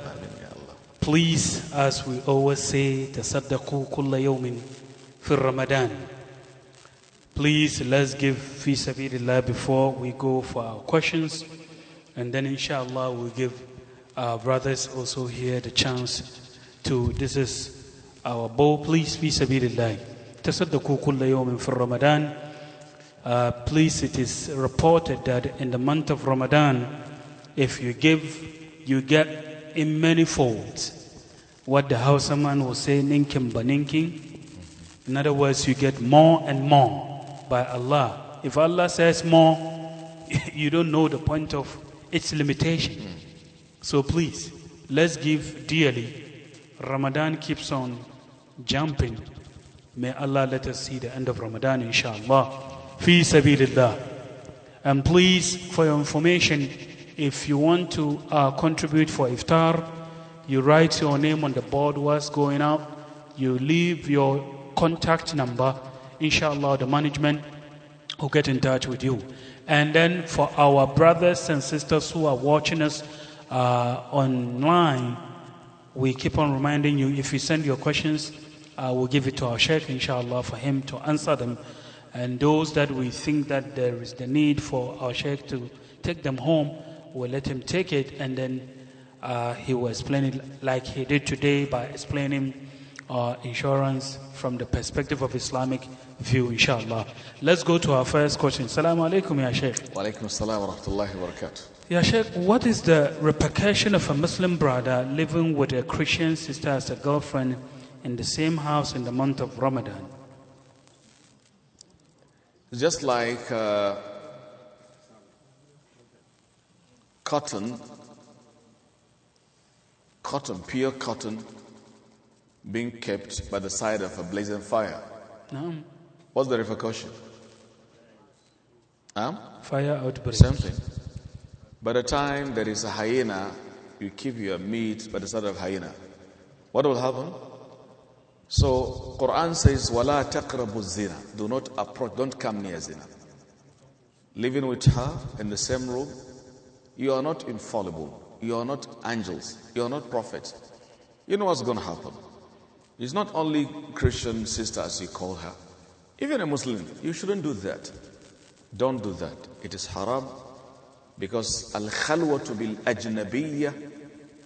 Please, as we always say, tasaddaqu kulla yawmin fir Ramadan. Please, let's give fi sabilillah before we go for our questions. And then inshallah we'll give our brothers also here the chance to, this is our bow, please, fi sabilillah. Tasaddaqu kulla yawmin fir Ramadan. Uh, please, it is reported that in the month of Ramadan, if you give, you get in many folds. What the house man will say, ninkim baninking. In other words, you get more and more by Allah. If Allah says more, you don't know the point of its limitation. So please, let's give dearly. Ramadan keeps on jumping. May Allah let us see the end of Ramadan, inshallah. Fi sabilillah. And please, for your information, if you want to uh, contribute for iftar, you write your name on the board what's going out. You leave your contact number. Inshallah, the management will get in touch with you. And then for our brothers and sisters who are watching us uh, online, we keep on reminding you if you send your questions, uh, we'll give it to our Sheikh, inshallah, for him to answer them. And those that we think that there is the need for our Sheikh to take them home, we let him take it, and then uh, he will explain it like he did today by explaining uh, insurance from the perspective of Islamic view, inshallah. Let's go to our first question. Assalamu alaikum, Ya Sheikh. Wa alaikum assalam wa rahmatullahi wa barakatuh. Ya Sheikh, what is the repercussion of a Muslim brother living with a Christian sister as a girlfriend in the same house in the month of Ramadan? Just like. Uh cotton, cotton, pure cotton, being kept by the side of a blazing fire. No. What's the repercussion? Huh? Fire outbreak. Something. By the time there is a hyena, you keep your meat by the side of hyena. What will happen? So Quran says, "Wala taqrabu zina." Do not approach. Don't come near zina. Living with her in the same room, you are not infallible. You are not angels. You are not prophets. You know what's going to happen. It's not only Christian sister as you call her. Even a Muslim, you shouldn't do that. Don't do that. It is haram because al khalwa bil ajnabiyya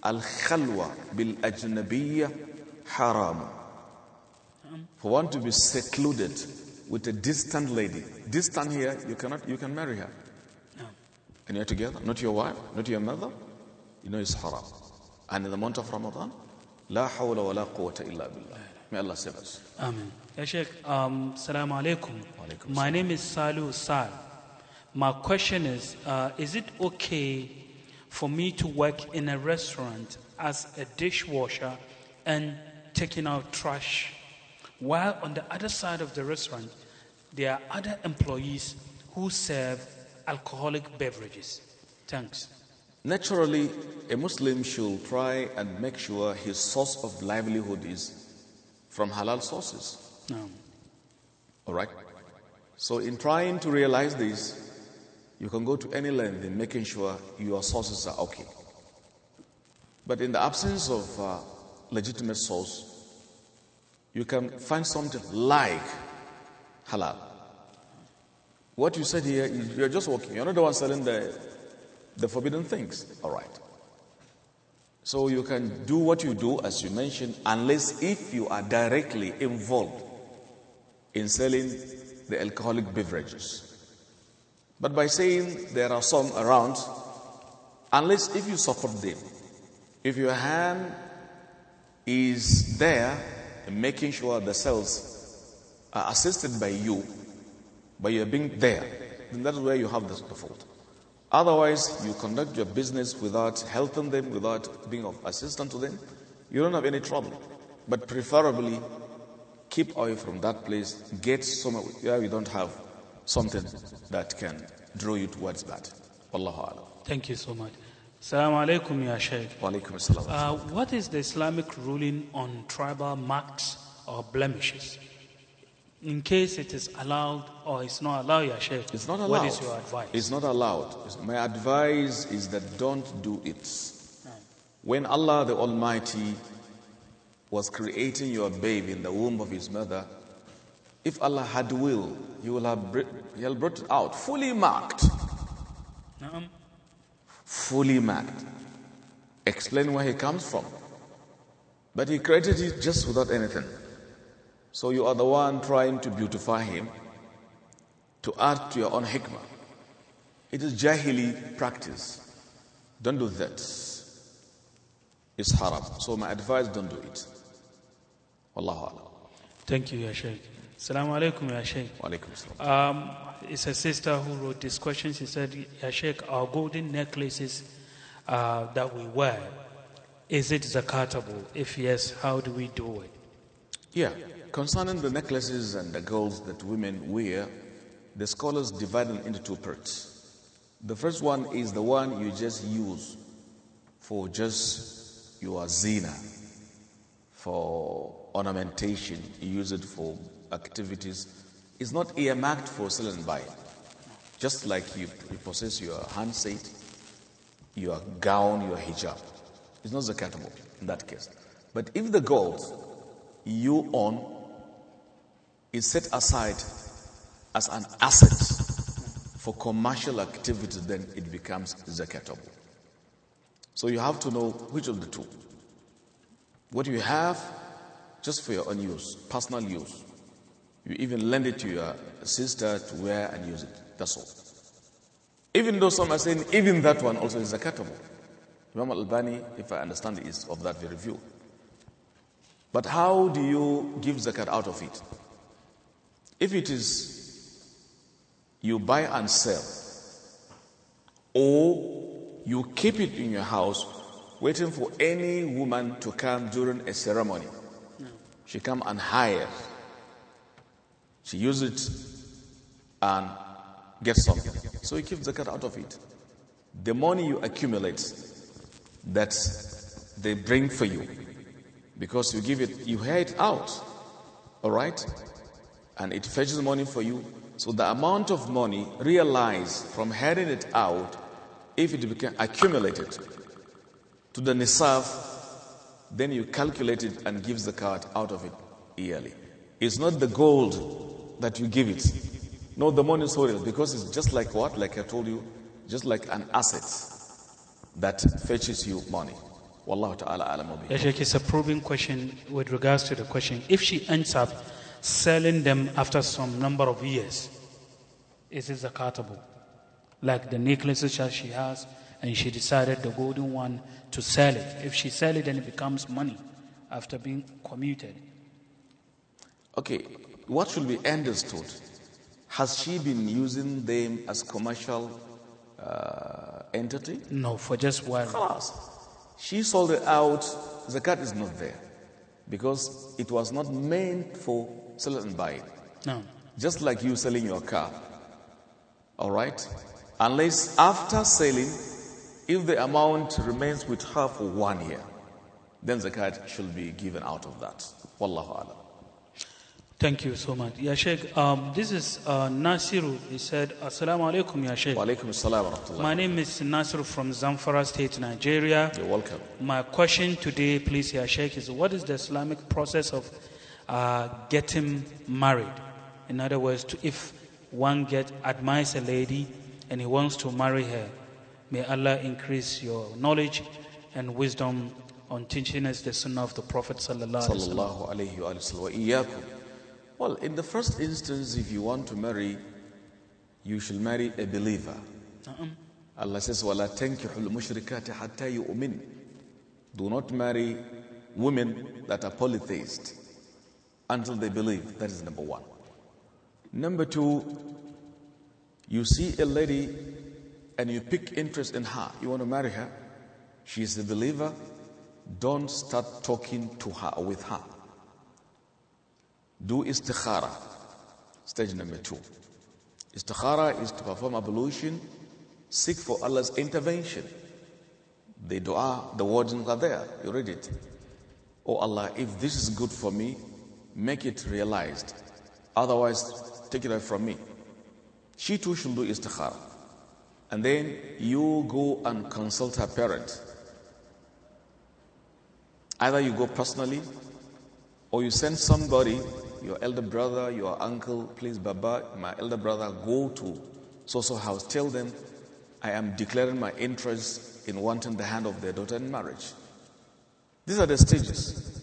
al khalwa bil ajnabiyya haram. For one to be secluded with a distant lady. Distant here, you cannot you can marry her and you're together, not your wife, not your mother, you know it's haram. And in the month of Ramadan, لا حول ولا قوة إلا بالله. May Allah save us. Amen. Ya Sheikh, um, Salaamu Alaikum. alaikum My name is Salu Sal. My question is, uh, is it okay for me to work in a restaurant as a dishwasher and taking out trash, while on the other side of the restaurant, there are other employees who serve alcoholic beverages. Thanks. Naturally, a Muslim should try and make sure his source of livelihood is from halal sources. No. All right? So, in trying to realize this, you can go to any length in making sure your sources are okay. But in the absence of uh, legitimate source, you can find something like halal. What you said here is you're just walking. You're not the one selling the, the forbidden things. All right. So you can do what you do, as you mentioned, unless if you are directly involved in selling the alcoholic beverages. But by saying there are some around, unless if you support them, if your hand is there making sure the sales are assisted by you, but you are being there, then that is where you have the, the fault. Otherwise, you conduct your business without helping them, without being of assistance to them. You don't have any trouble. But preferably, keep away from that place. Get somewhere where you don't have something that can draw you towards that. Wallahu alam. Thank you so much. Assalamu alaikum, Ya Sheikh. Wa alaikum assalam. Uh, what is the Islamic ruling on tribal marks or blemishes? in case it is allowed or it's not allowed, your Sheikh, it's not allowed. what is your advice? It's not allowed. My advice is that don't do it. When Allah the Almighty was creating your babe in the womb of his mother, if Allah had will, he will have he'll brought it out fully marked. Fully marked. Explain where he comes from. But he created it just without anything. So you are the one trying to beautify him, to add to your own hikmah. It is jahili practice. Don't do that. It's haram. So my advice, don't do it. Allah alam. Thank you, Ya Sheikh. Assalamu alaikum, Ya Wa alaikum Um, it's a sister who wrote this question. She said, Ya our golden necklaces uh, that we wear, is it zakatable? If yes, how do we do it? Yeah. yeah. Concerning the necklaces and the gold that women wear, the scholars divide them into two parts. The first one is the one you just use for just your zina, for ornamentation, you use it for activities. It's not earmarked for selling and buy. Just like you, you possess your handset, your gown, your hijab. It's not zakatable in that case. But if the gold you own is set aside as an asset for commercial activity, then it becomes zakatable. So you have to know which of the two. What you have, just for your own use, personal use. You even lend it to your sister to wear and use it. That's all. Even though some are saying even that one also is zakatable. Imam Al-Bani, if I understand, is of that very view. But how do you give zakat out of it? If it is you buy and sell, or you keep it in your house waiting for any woman to come during a ceremony, she come and hire. She use it and get something. So you keep the cut out of it. The money you accumulate that they bring for you because you give it, you hear it out. All right? and it fetches money for you. So the amount of money realized from handing it out, if it became accumulated to the nisaf, then you calculate it and give the card out of it yearly. It's not the gold that you give it. No, the money is for because it's just like what? Like I told you, just like an asset that fetches you money. Wallahu ta'ala alam. Sheikh, it's a probing question with regards to the question. If she ends up selling them after some number of years. Is it accountable? Like the necklaces that she has, and she decided the golden one to sell it. If she sell it, then it becomes money after being commuted. Okay, what should be understood? Has she been using them as commercial uh, entity? No, for just one. She sold it out. Zakat is not there because it was not meant for sell it and buy it. No. Just like you selling your car. All right? Unless after selling, if the amount remains with her for one year, then zakat should be given out of that. Wallahu alam. Thank you so much. Ya Sheikh, um, this is uh, Nasiru. He said, Assalamu alaikum, Ya Sheikh. Wa alaikum assalam wa My name is Nasiru from Zamfara State, Nigeria. You're welcome. My question today, please, Ya Sheikh, is what is the Islamic process of uh, get him married. In other words, to, if one get admires a lady and he wants to marry her, may Allah increase your knowledge and wisdom on teaching us the sunnah of the Prophet sallallahu alaihi wasallam. Well, in the first instance, if you want to marry, you should marry a believer. Allah says, "Wala tankihul mushrikati hatta yu'min." Do not marry women that are polytheists until they believe. That is number one. Number two, you see a lady and you pick interest in her. You want to marry her. She is a believer. Don't start talking to her or with her. Do istikhara. Stage number two. Istikhara is to perform ablution, seek for Allah's intervention. The dua, the words are there. You read it. Oh Allah, if this is good for me, make it realized. Otherwise, take it away from me. She too should do istikhara. And then you go and consult her parent. Either you go personally or you send somebody, your elder brother, your uncle, please, Baba, my elder brother, go to so so house. Tell them I am declaring my interest in wanting the hand of their daughter in marriage. These are the stages.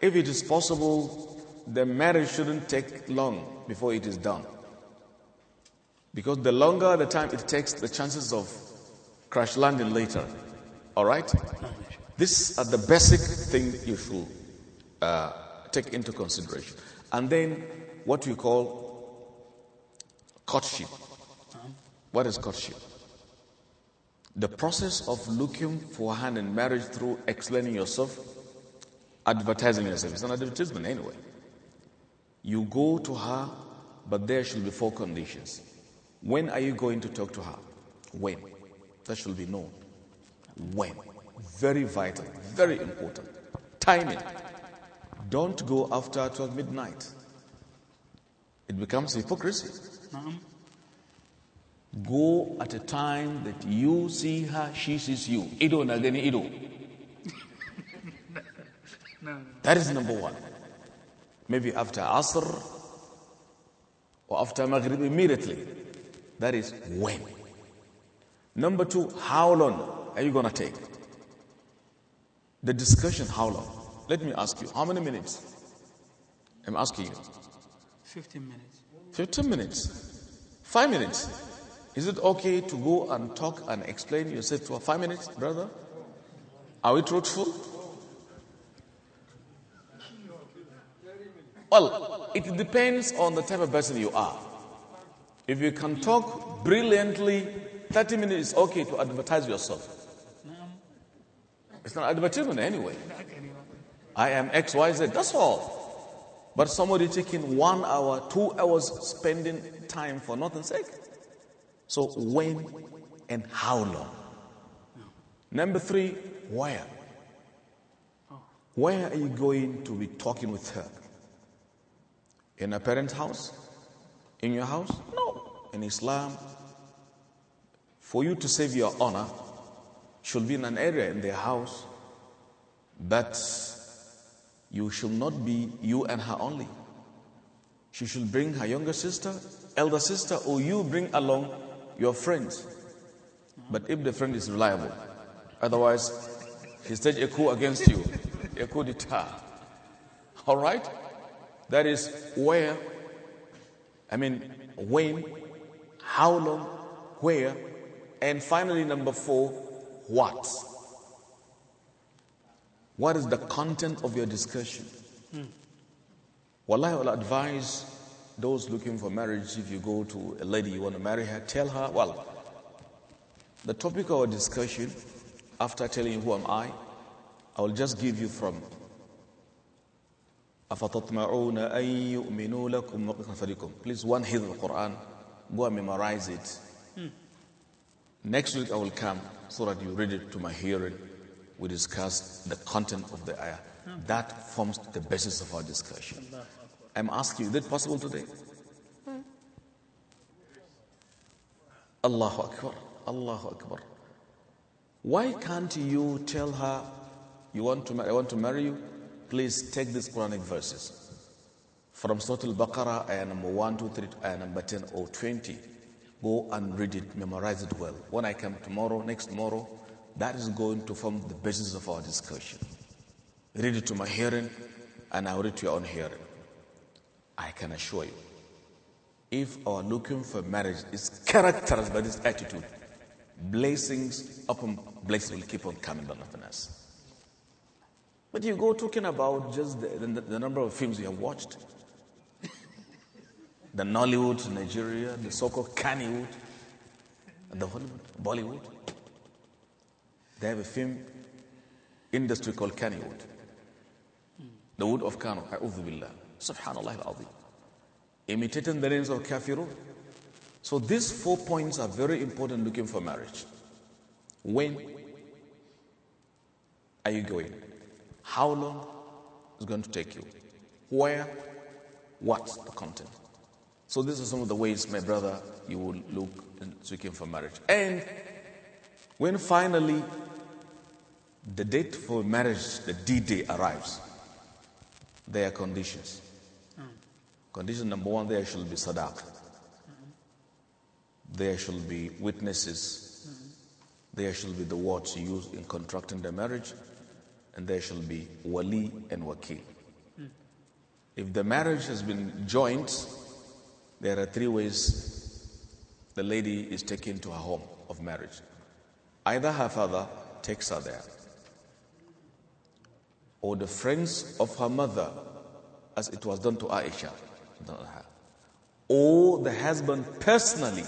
If it is possible, the marriage shouldn't take long before it is done. Because the longer the time it takes, the chances of crash landing later. All right? These are the basic things you should uh, take into consideration. And then what we call courtship. What is courtship? The process of looking for a hand in marriage through explaining yourself advertising yourself. It's an advertisement anyway. You go to her, but there should be four conditions. When are you going to talk to her? When? That should be known. When? Very vital, very important. Timing. Don't go after 12 midnight. It becomes hypocrisy. Go at a time that you see her, she sees you. Ido nagani ido. That is number one. Maybe after Asr or after Maghrib immediately. That is when. Number two, how long are you going to take? The discussion, how long? Let me ask you, how many minutes? I'm asking you. 15 minutes. 15 minutes. Five minutes. Is it okay to go and talk and explain yourself for five minutes, brother? Are we truthful? Well, it depends on the type of person you are. If you can talk brilliantly, 30 minutes is okay to advertise yourself. It's not advertisement anyway. I am XYZ, that's all. But somebody taking one hour, two hours spending time for nothing's sake. So when and how long? Number three, where? Where are you going to be talking with her? In a parent's house? In your house? No. In Islam, for you to save your honor, should be in an area in their house, but you should not be you and her only. She should bring her younger sister, elder sister, or you bring along your friends. But if the friend is reliable, otherwise, he stage a coup against you, a coup d'etat. All right? That is where, I mean, when, how long, where, and finally, number four, what? What is the content of your discussion? Hmm. Well, I will advise those looking for marriage if you go to a lady you want to marry her, tell her, well, the topic of our discussion, after telling you who am I, I will just give you from أفتطمعون أن يؤمنوا لكم وقفا فريقكم Please one hit of the Quran go and memorize it hmm. next week I will come so that you read it to my hearing we discuss the content of the ayah hmm. that forms the basis of our discussion I'm asking you is it possible today hmm. Allahu Akbar Allahu Akbar why can't you tell her you want to I want to marry you Please take these Quranic verses from Surah Al-Baqarah, ayah number 1, 2, 3, ayah number 10 or 20. Go and read it, memorize it well. When I come tomorrow, next tomorrow, that is going to form the basis of our discussion. Read it to my hearing, and I'll read to your own hearing. I can assure you, if our looking for marriage is characterized by this attitude, blessings upon blessings will keep on coming upon us. But you go talking about just the, the, the number of films you have watched the Nollywood, Nigeria, the so called Kannywood, the Hollywood, Bollywood. They have a film industry called Kannywood, the wood of Kano, A'udhu Subhanallah al Imitating the names of kafiru. So these four points are very important looking for marriage. When are you going? how long it's going to take you, where, what's the content. So these are some of the ways, my brother, you will look in seeking for marriage. And when finally the date for marriage, the D-Day arrives, there are conditions. Mm. Condition number one, there shall be sadaq. Mm. There shall be witnesses. Mm. There shall be the words used in contracting the marriage and there shall be wali and wakil. If the marriage has been joint, there are three ways the lady is taken to her home of marriage. Either her father takes her there, or the friends of her mother, as it was done to Aisha, or the husband personally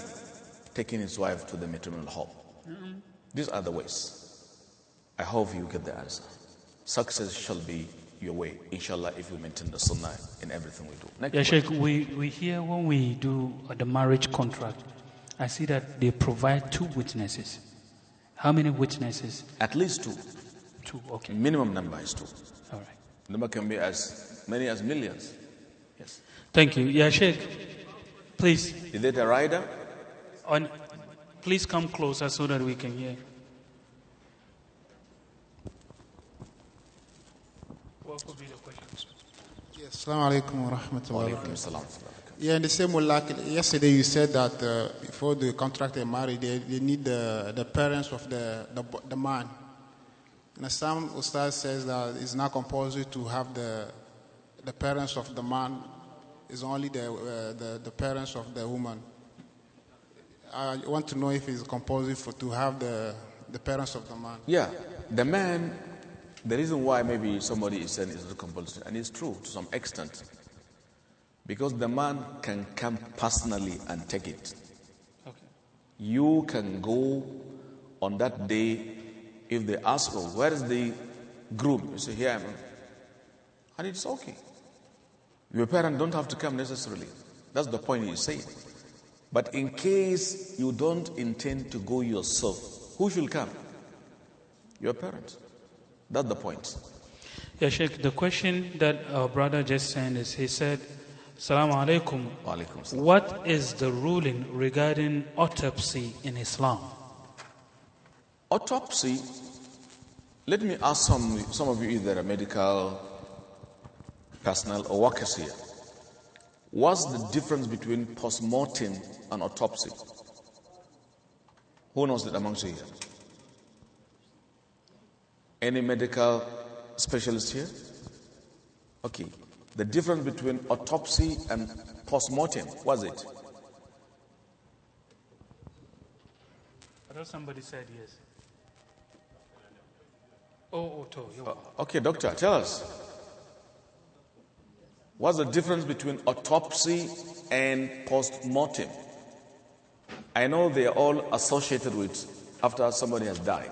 taking his wife to the matrimonial home. These are the ways. I hope you get the answer success shall be your way, inshallah, if we maintain the sunnah in everything we do. Next yeah, Sheikh, we, we hear when we do the marriage contract, I see that they provide two witnesses. How many witnesses? At least two. Two, okay. Minimum number is two. All right. Number can be as many as millions. Yes. Thank you. Yeah, Sheikh, please. Is it a rider? On, please come closer so that we can hear. What be the question? Yes, Assalamu alaikum wa rahmatullahi Yeah, in the same way, like yesterday you said that uh, before the contract a marriage, they, they need the, the parents of the, the, the man. And some Ustaz says that it's not compulsory to have the, the parents of the man, it's only the, uh, the, the parents of the woman. I want to know if it's compulsory for, to have the, the parents of the man. Yeah, the man the reason why maybe somebody is saying it's not compulsory, and it's true to some extent, because the man can come personally and take it. Okay. You can go on that day if they ask, oh, where is the groom? You say, here I am. And it's okay. Your parents don't have to come necessarily. That's the point you saying. But in case you don't intend to go yourself, who should come? Your parents. That's the point. Yeah, Sheikh, the question that our brother just sent is he said, Salaamu alaikum. alaikum What is the ruling regarding autopsy in Islam? Autopsy, let me ask some, some of you either a medical personnel or workers here. What's the difference between post mortem and autopsy? Who knows that amongst you here? Any medical specialist here? Okay. The difference between autopsy and postmortem, was it? I thought somebody said yes. Oh, oh, okay, doctor, tell us. What's the difference between autopsy and postmortem? I know they are all associated with after somebody has died.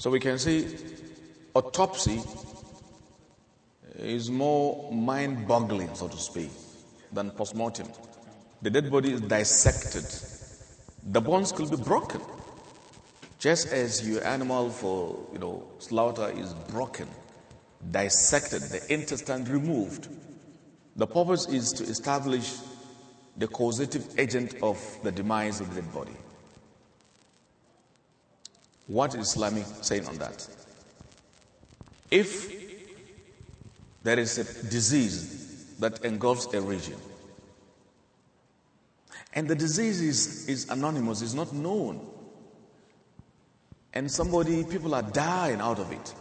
So we can say autopsy is more mind boggling, so to speak, than postmortem. The dead body is dissected, the bones could be broken. Just as your animal for you know slaughter is broken, dissected, the intestine removed. The purpose is to establish the causative agent of the demise of the dead body. What is Islamic saying on that? If there is a disease that engulfs a region, and the disease is, is anonymous, is not known, and somebody, people are dying out of it,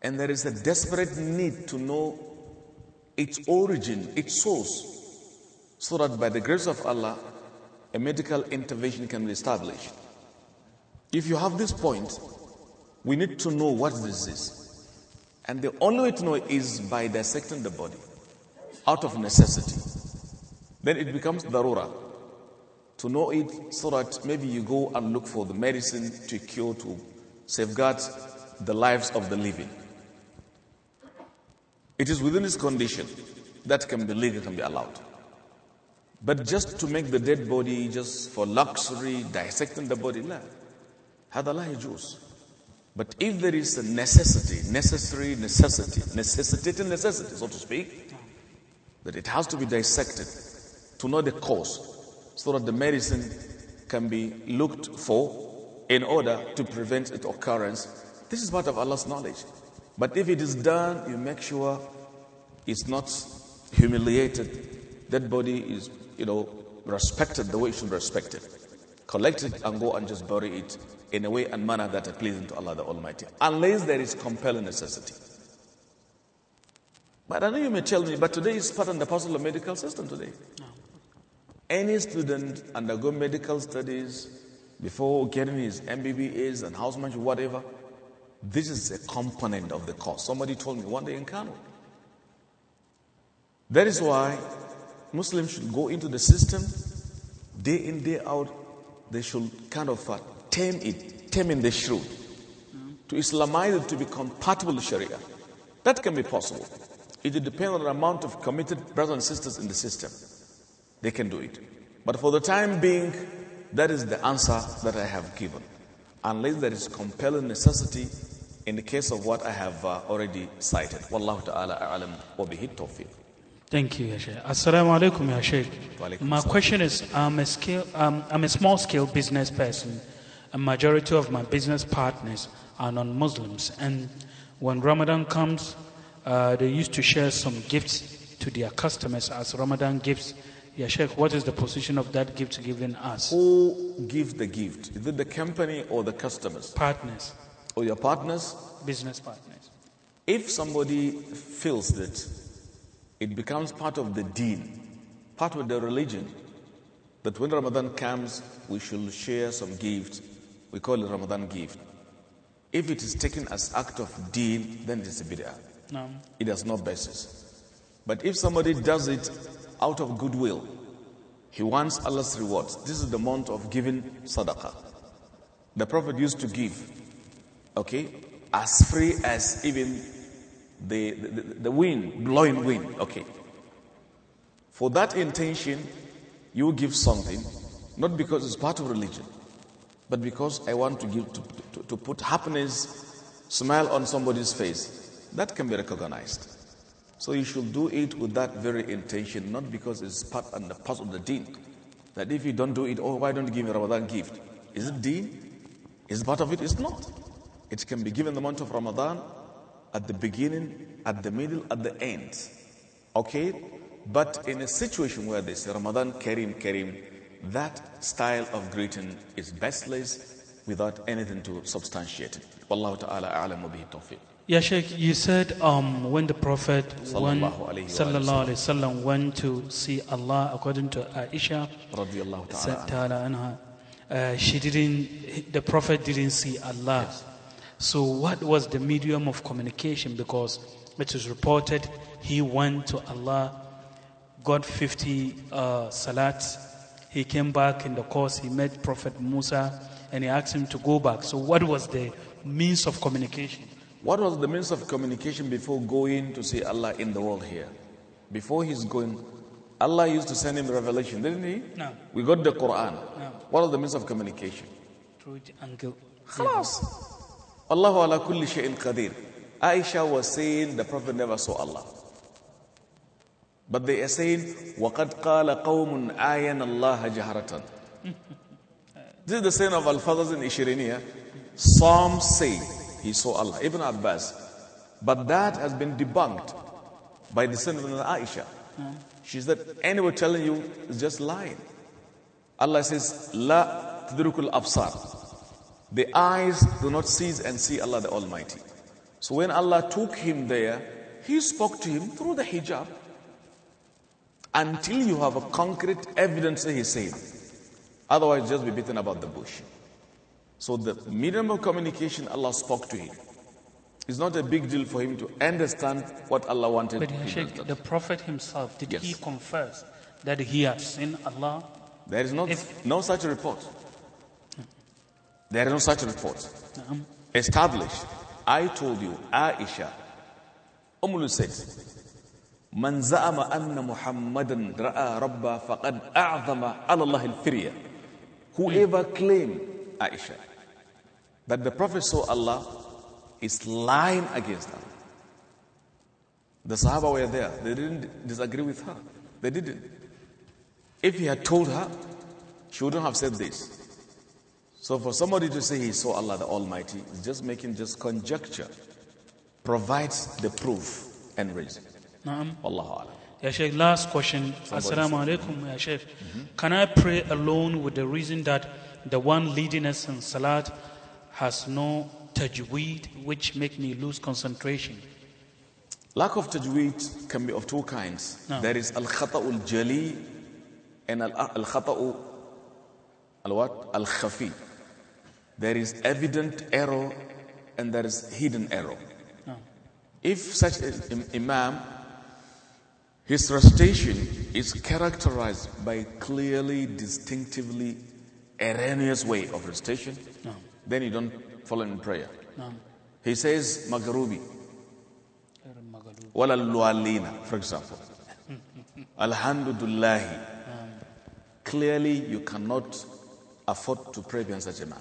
and there is a desperate need to know its origin, its source, so that by the grace of Allah, a medical intervention can be established. If you have this point, we need to know what this is. And the only way to know is by dissecting the body out of necessity. Then it becomes darura. To know it so that maybe you go and look for the medicine to cure, to safeguard the lives of the living. It is within this condition that can be legal, can be allowed. But just to make the dead body just for luxury, dissecting the body, no. هذا لا يجوز but if there is a necessity necessary necessity necessitating necessity so to speak that it has to be dissected to know the cause so that the medicine can be looked for in order to prevent its occurrence this is part of Allah's knowledge but if it is done you make sure it's not humiliated that body is you know respected the way it should be respected collect it and go and just bury it in a way and manner that are pleasing to Allah the Almighty, unless there is compelling necessity. But I know you may tell me, but today is part and parcel of medical system today. No. Any student undergo medical studies before getting his MBBS and housemanship, whatever. This is a component of the course. Somebody told me one day in Kano. That is why Muslims should go into the system day in, day out. They should kind of uh, tame it, taming the shrew, to Islamize it to be compatible with Sharia. That can be possible. It depends on the amount of committed brothers and sisters in the system. They can do it. But for the time being, that is the answer that I have given. Unless there is compelling necessity in the case of what I have uh, already cited. Wallahu ta'ala a'lam wa bihi tawfiq. Thank you, Yashay. Assalamu alaikum, Yashay. My question is I'm a, scale, um, I'm a small scale business person a majority of my business partners are non Muslims. And when Ramadan comes, uh, they used to share some gifts to their customers as Ramadan gifts. Yeah, Sheikh, what is the position of that gift given us? Who gives the gift? Is it the company or the customers? Partners. Or oh, your partners? Business partners. If somebody feels that it becomes part of the deen, part of the religion, that when Ramadan comes, we should share some gifts we call it Ramadan gift. If it is taken as act of deen, then it is a bid'ah. No. It has no basis. But if somebody does it out of goodwill, he wants Allah's rewards. This is the month of giving sadaqah. The Prophet used to give, okay, as free as even the, the, the wind, blowing wind, okay. For that intention, you give something, not because it's part of religion, but because I want to give to, to, to put happiness, smile on somebody's face, that can be recognized. So you should do it with that very intention, not because it's part and the part of the deen. That if you don't do it, oh, why don't you give me Ramadan gift? Is it deen? Is part of it? It's not. It can be given the month of Ramadan at the beginning, at the middle, at the end. Okay? But in a situation where they say Ramadan Kareem, Kareem, that style of greeting is baseless without anything to substantiate it. Wallahu ta'ala a'lamu bihi tawfiq. Yeah, Sheikh, you said um, when the Prophet went, sallallahu wasallam, went to see Allah, according to Aisha, ta'ala anha, uh, she didn't, the Prophet didn't see Allah. Yes. So, what was the medium of communication? Because it is reported he went to Allah, got 50 uh, salats, he came back in the course, he met Prophet Musa, and he asked him to go back. So, what was the means of communication? What was the means of communication before going to see Allah in the world here? Before he's going, Allah used to send him revelation, didn't he? No. We got the Quran. No. What was the means of communication? Through and Khalas. Allahu ala kulli shay'in qadir. Aisha was saying the Prophet never saw Allah. But they are saying, وَقَدْ قَالَ قَوْمٌ آيَنَ اللَّهَ جَهْرَةً This is the saying of Al-Fadhaz in Ishiriniya. Some say he saw Allah, Ibn Abbas. But that has been debunked by the son of Aisha. She said, anyone telling you is just lying. Allah says, La tudrikul absar. The eyes do not cease and see Allah the Almighty. So when Allah took him there, he spoke to him through the hijab until you have a concrete evidence that he said. Otherwise, just be beaten about the bush. So, the medium of communication Allah spoke to him. is not a big deal for him to understand what Allah wanted. But Sheikh, the Prophet himself, did yes. he confess that he had seen Allah? There is not, if, no such report. There is no such report. Um, Established. I told you, Aisha, Umul said, من زعم أن محمدا رأى ربه فقد أعظم على الله الفرية whoever claim Aisha that the Prophet saw Allah is lying against them. The Sahaba were there. They didn't disagree with her. They didn't. If he had told her, she wouldn't have said this. So for somebody to say he saw Allah the Almighty is just making just conjecture. Provides the proof and reason. Naam. Wallahu alam. Ya Sheikh, last question. Assalamu alaikum, Ya Sheikh. Mm-hmm. Can I pray alone with the reason that the one leading us in Salat has no tajweed, which make me lose concentration? Lack of tajweed can be of two kinds. No. There is al khata'ul jali and al uh, khata'ul al what? Al khafi. There is evident error and there is hidden error. No. If such an Im imam his restoration is characterized by clearly, distinctively erroneous way of restoration. No. Then you don't follow in prayer. No. He says Magarubi. Walalualina, for example. Alhamdulillah. Clearly, you cannot afford to pray behind such a man.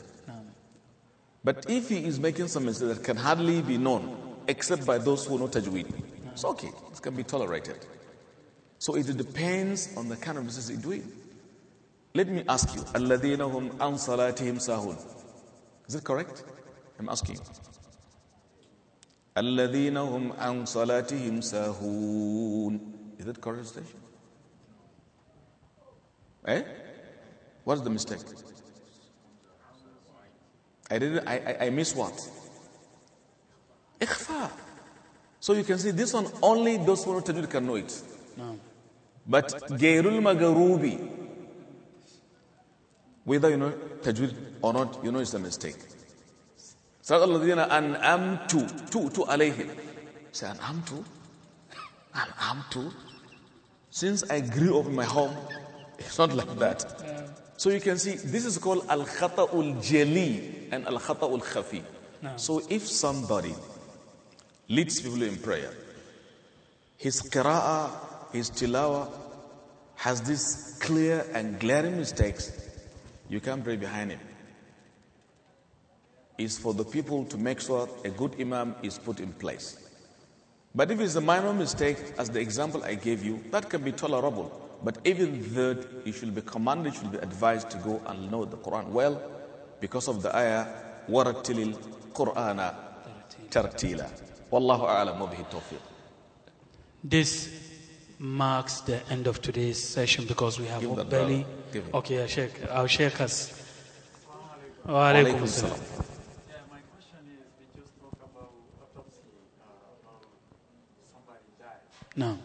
But if he is making some mistakes that can hardly be known except by those who know Tajweed, it's okay. It can be tolerated. So it depends on the kind of business you're doing. Let me ask you, Alladina hum an salatihim sahun. Is it correct? I'm asking. Alladina hum an salatihim sahun. Is that correct station? Eh? What's the mistake? I didn't I, I, I miss what? Ikhfa. So you can see this one only those who are tajud can know it. No. But Gairul Magarubi, whether you know Tajweed or not, you know it's a mistake. Sarat al-Ladina an'amtu, tu, tu alayhim. Say an amtu." Since I grew up in my home, it's not like that. So you can see this is called al-khata'ul jeli and al-khata'ul khafi. So if somebody leads people in prayer, his qira'ah his tilawa has these clear and glaring mistakes, you can't pray behind him. It's for the people to make sure a good imam is put in place. But if it's a minor mistake, as the example I gave you, that can be tolerable. But even that, you should be commanded, you should be advised to go and know the Quran well because of the ayah, Wara'tilil Qurana, تَرْتِيلًا Wallahu a'lam wa bihi tawfiq. This marks the end of today's session because we have barely. Okay, I'll shake. I'll shake us. Wa alaikum salam. No.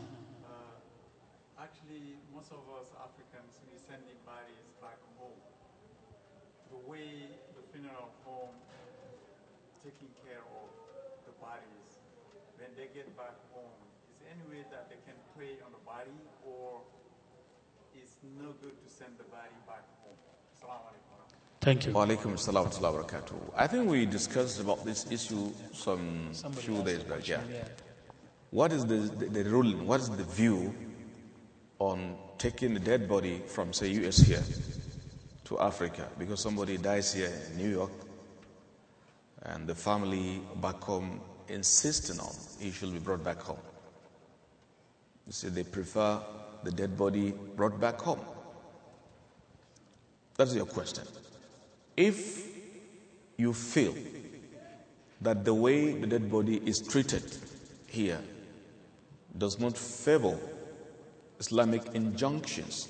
no good to send the body back home. Thank you. Walaikum wabarakatuh. I think we discussed about this issue some Somebody few days back. Yeah. yeah. What is the, the, the ruling? What is the view on taking the dead body from, say, US here to Africa? Because somebody dies here in New York and the family back home insisting on he should be brought back home. You see, they prefer the dead body brought back home? That's your question. If you feel that the way the dead body is treated here does not favor Islamic injunctions,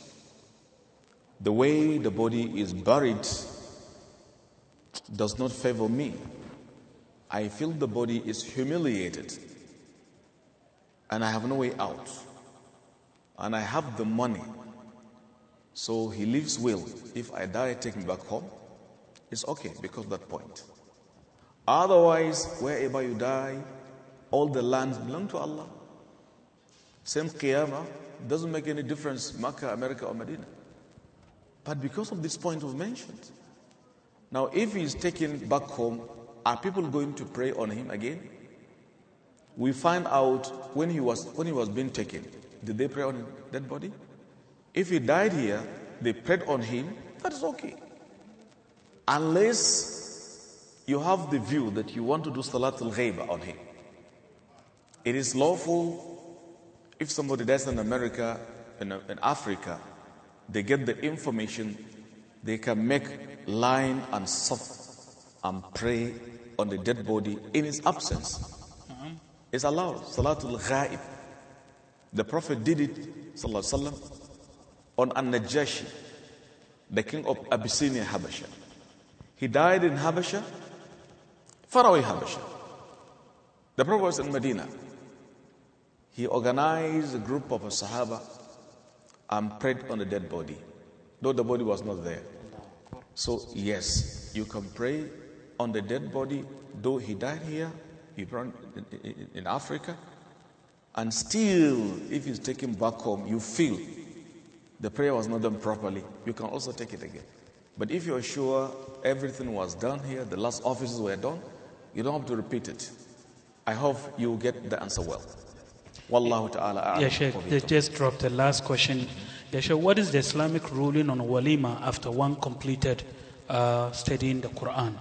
the way the body is buried does not favor me. I feel the body is humiliated and I have no way out and I have the money. So he leaves will. If I die, take me back home. It's okay because that point. Otherwise, wherever you die, all the lands belong to Allah. Same Qiyamah doesn't make any difference, Makkah, America, or Medina. But because of this point was mentioned, now if he's taken back home, are people going to pray on him again? We find out when he was when he was being taken did they pray on his dead body? If he died here, they prayed on him, that is okay. Unless you have the view that you want to do Salatul Ghaiba on him. It is lawful if somebody dies in America, in, in Africa, they get the information, they can make line and soft and pray on the dead body in his absence. Mm-hmm. It's allowed. Salatul Ghaib. The Prophet did it wasallam, on An Najashi, the king of Abyssinia, Habasha. He died in Habasha, far away Habasha. The Prophet was in Medina. He organized a group of Sahaba and prayed on the dead body, though the body was not there. So, yes, you can pray on the dead body, though he died here, he burned in Africa, and still, if you take him back home, you feel the prayer was not done properly. You can also take it again. But if you're sure everything was done here, the last offices were done, you don't have to repeat it. I hope you get the answer well. Wallahu ta'ala. Yeah, they just dropped the last question. Yeah, what is the Islamic ruling on walima after one completed uh, studying the Quran?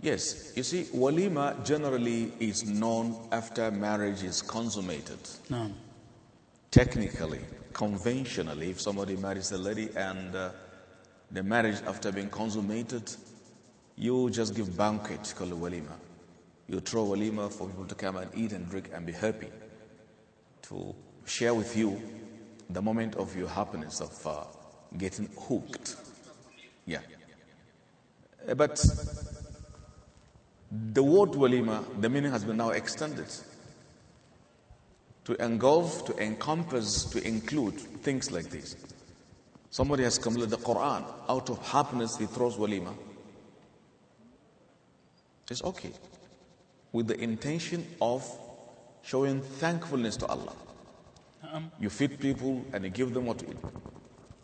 Yes, you see, walima generally is known after marriage is consummated. No. Technically, conventionally, if somebody marries a lady and uh, the marriage after being consummated, you just give banquet called walima. You throw walima for people to come and eat and drink and be happy, to share with you the moment of your happiness of uh, getting hooked. Yeah, uh, but the word walima, the meaning has been now extended to engulf, to encompass, to include things like this. Somebody has completed the Quran. Out of happiness, he throws walima. It's okay. With the intention of showing thankfulness to Allah. You feed people and you give them what to eat.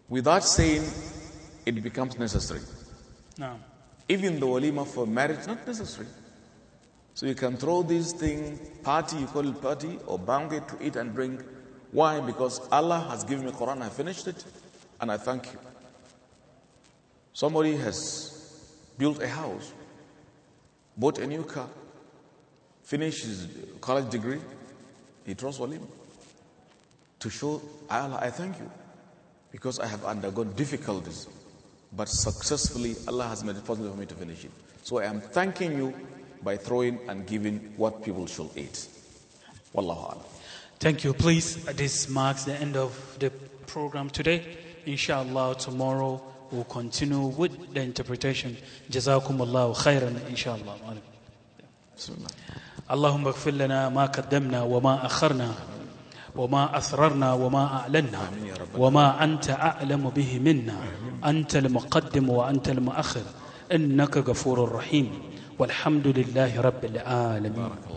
Without saying, it becomes necessary. No. Even the walima for marriage, not necessary. So you can throw this thing, party, you call it party, or banquet to eat and drink. Why? Because Allah has given me Quran, I finished it, and I thank you. Somebody has built a house, bought a new car, finished his college degree, he throws walima to show Allah, I thank you because I have undergone difficulties. But successfully, Allah has made it possible for me to finish it. So I am thanking you by throwing and giving what people should eat. Wallahu alam. Thank you. Please, this marks the end of the program today. Inshallah, tomorrow we'll continue with the interpretation. Jazakumullahu khairan, inshallah. Allahumma اللهم اغفر لنا ما قدمنا وما وما أسررنا وما أعلنا وما أنت أعلم به منا أنت المقدم وأنت المؤخر إنك غفور رحيم والحمد لله رب العالمين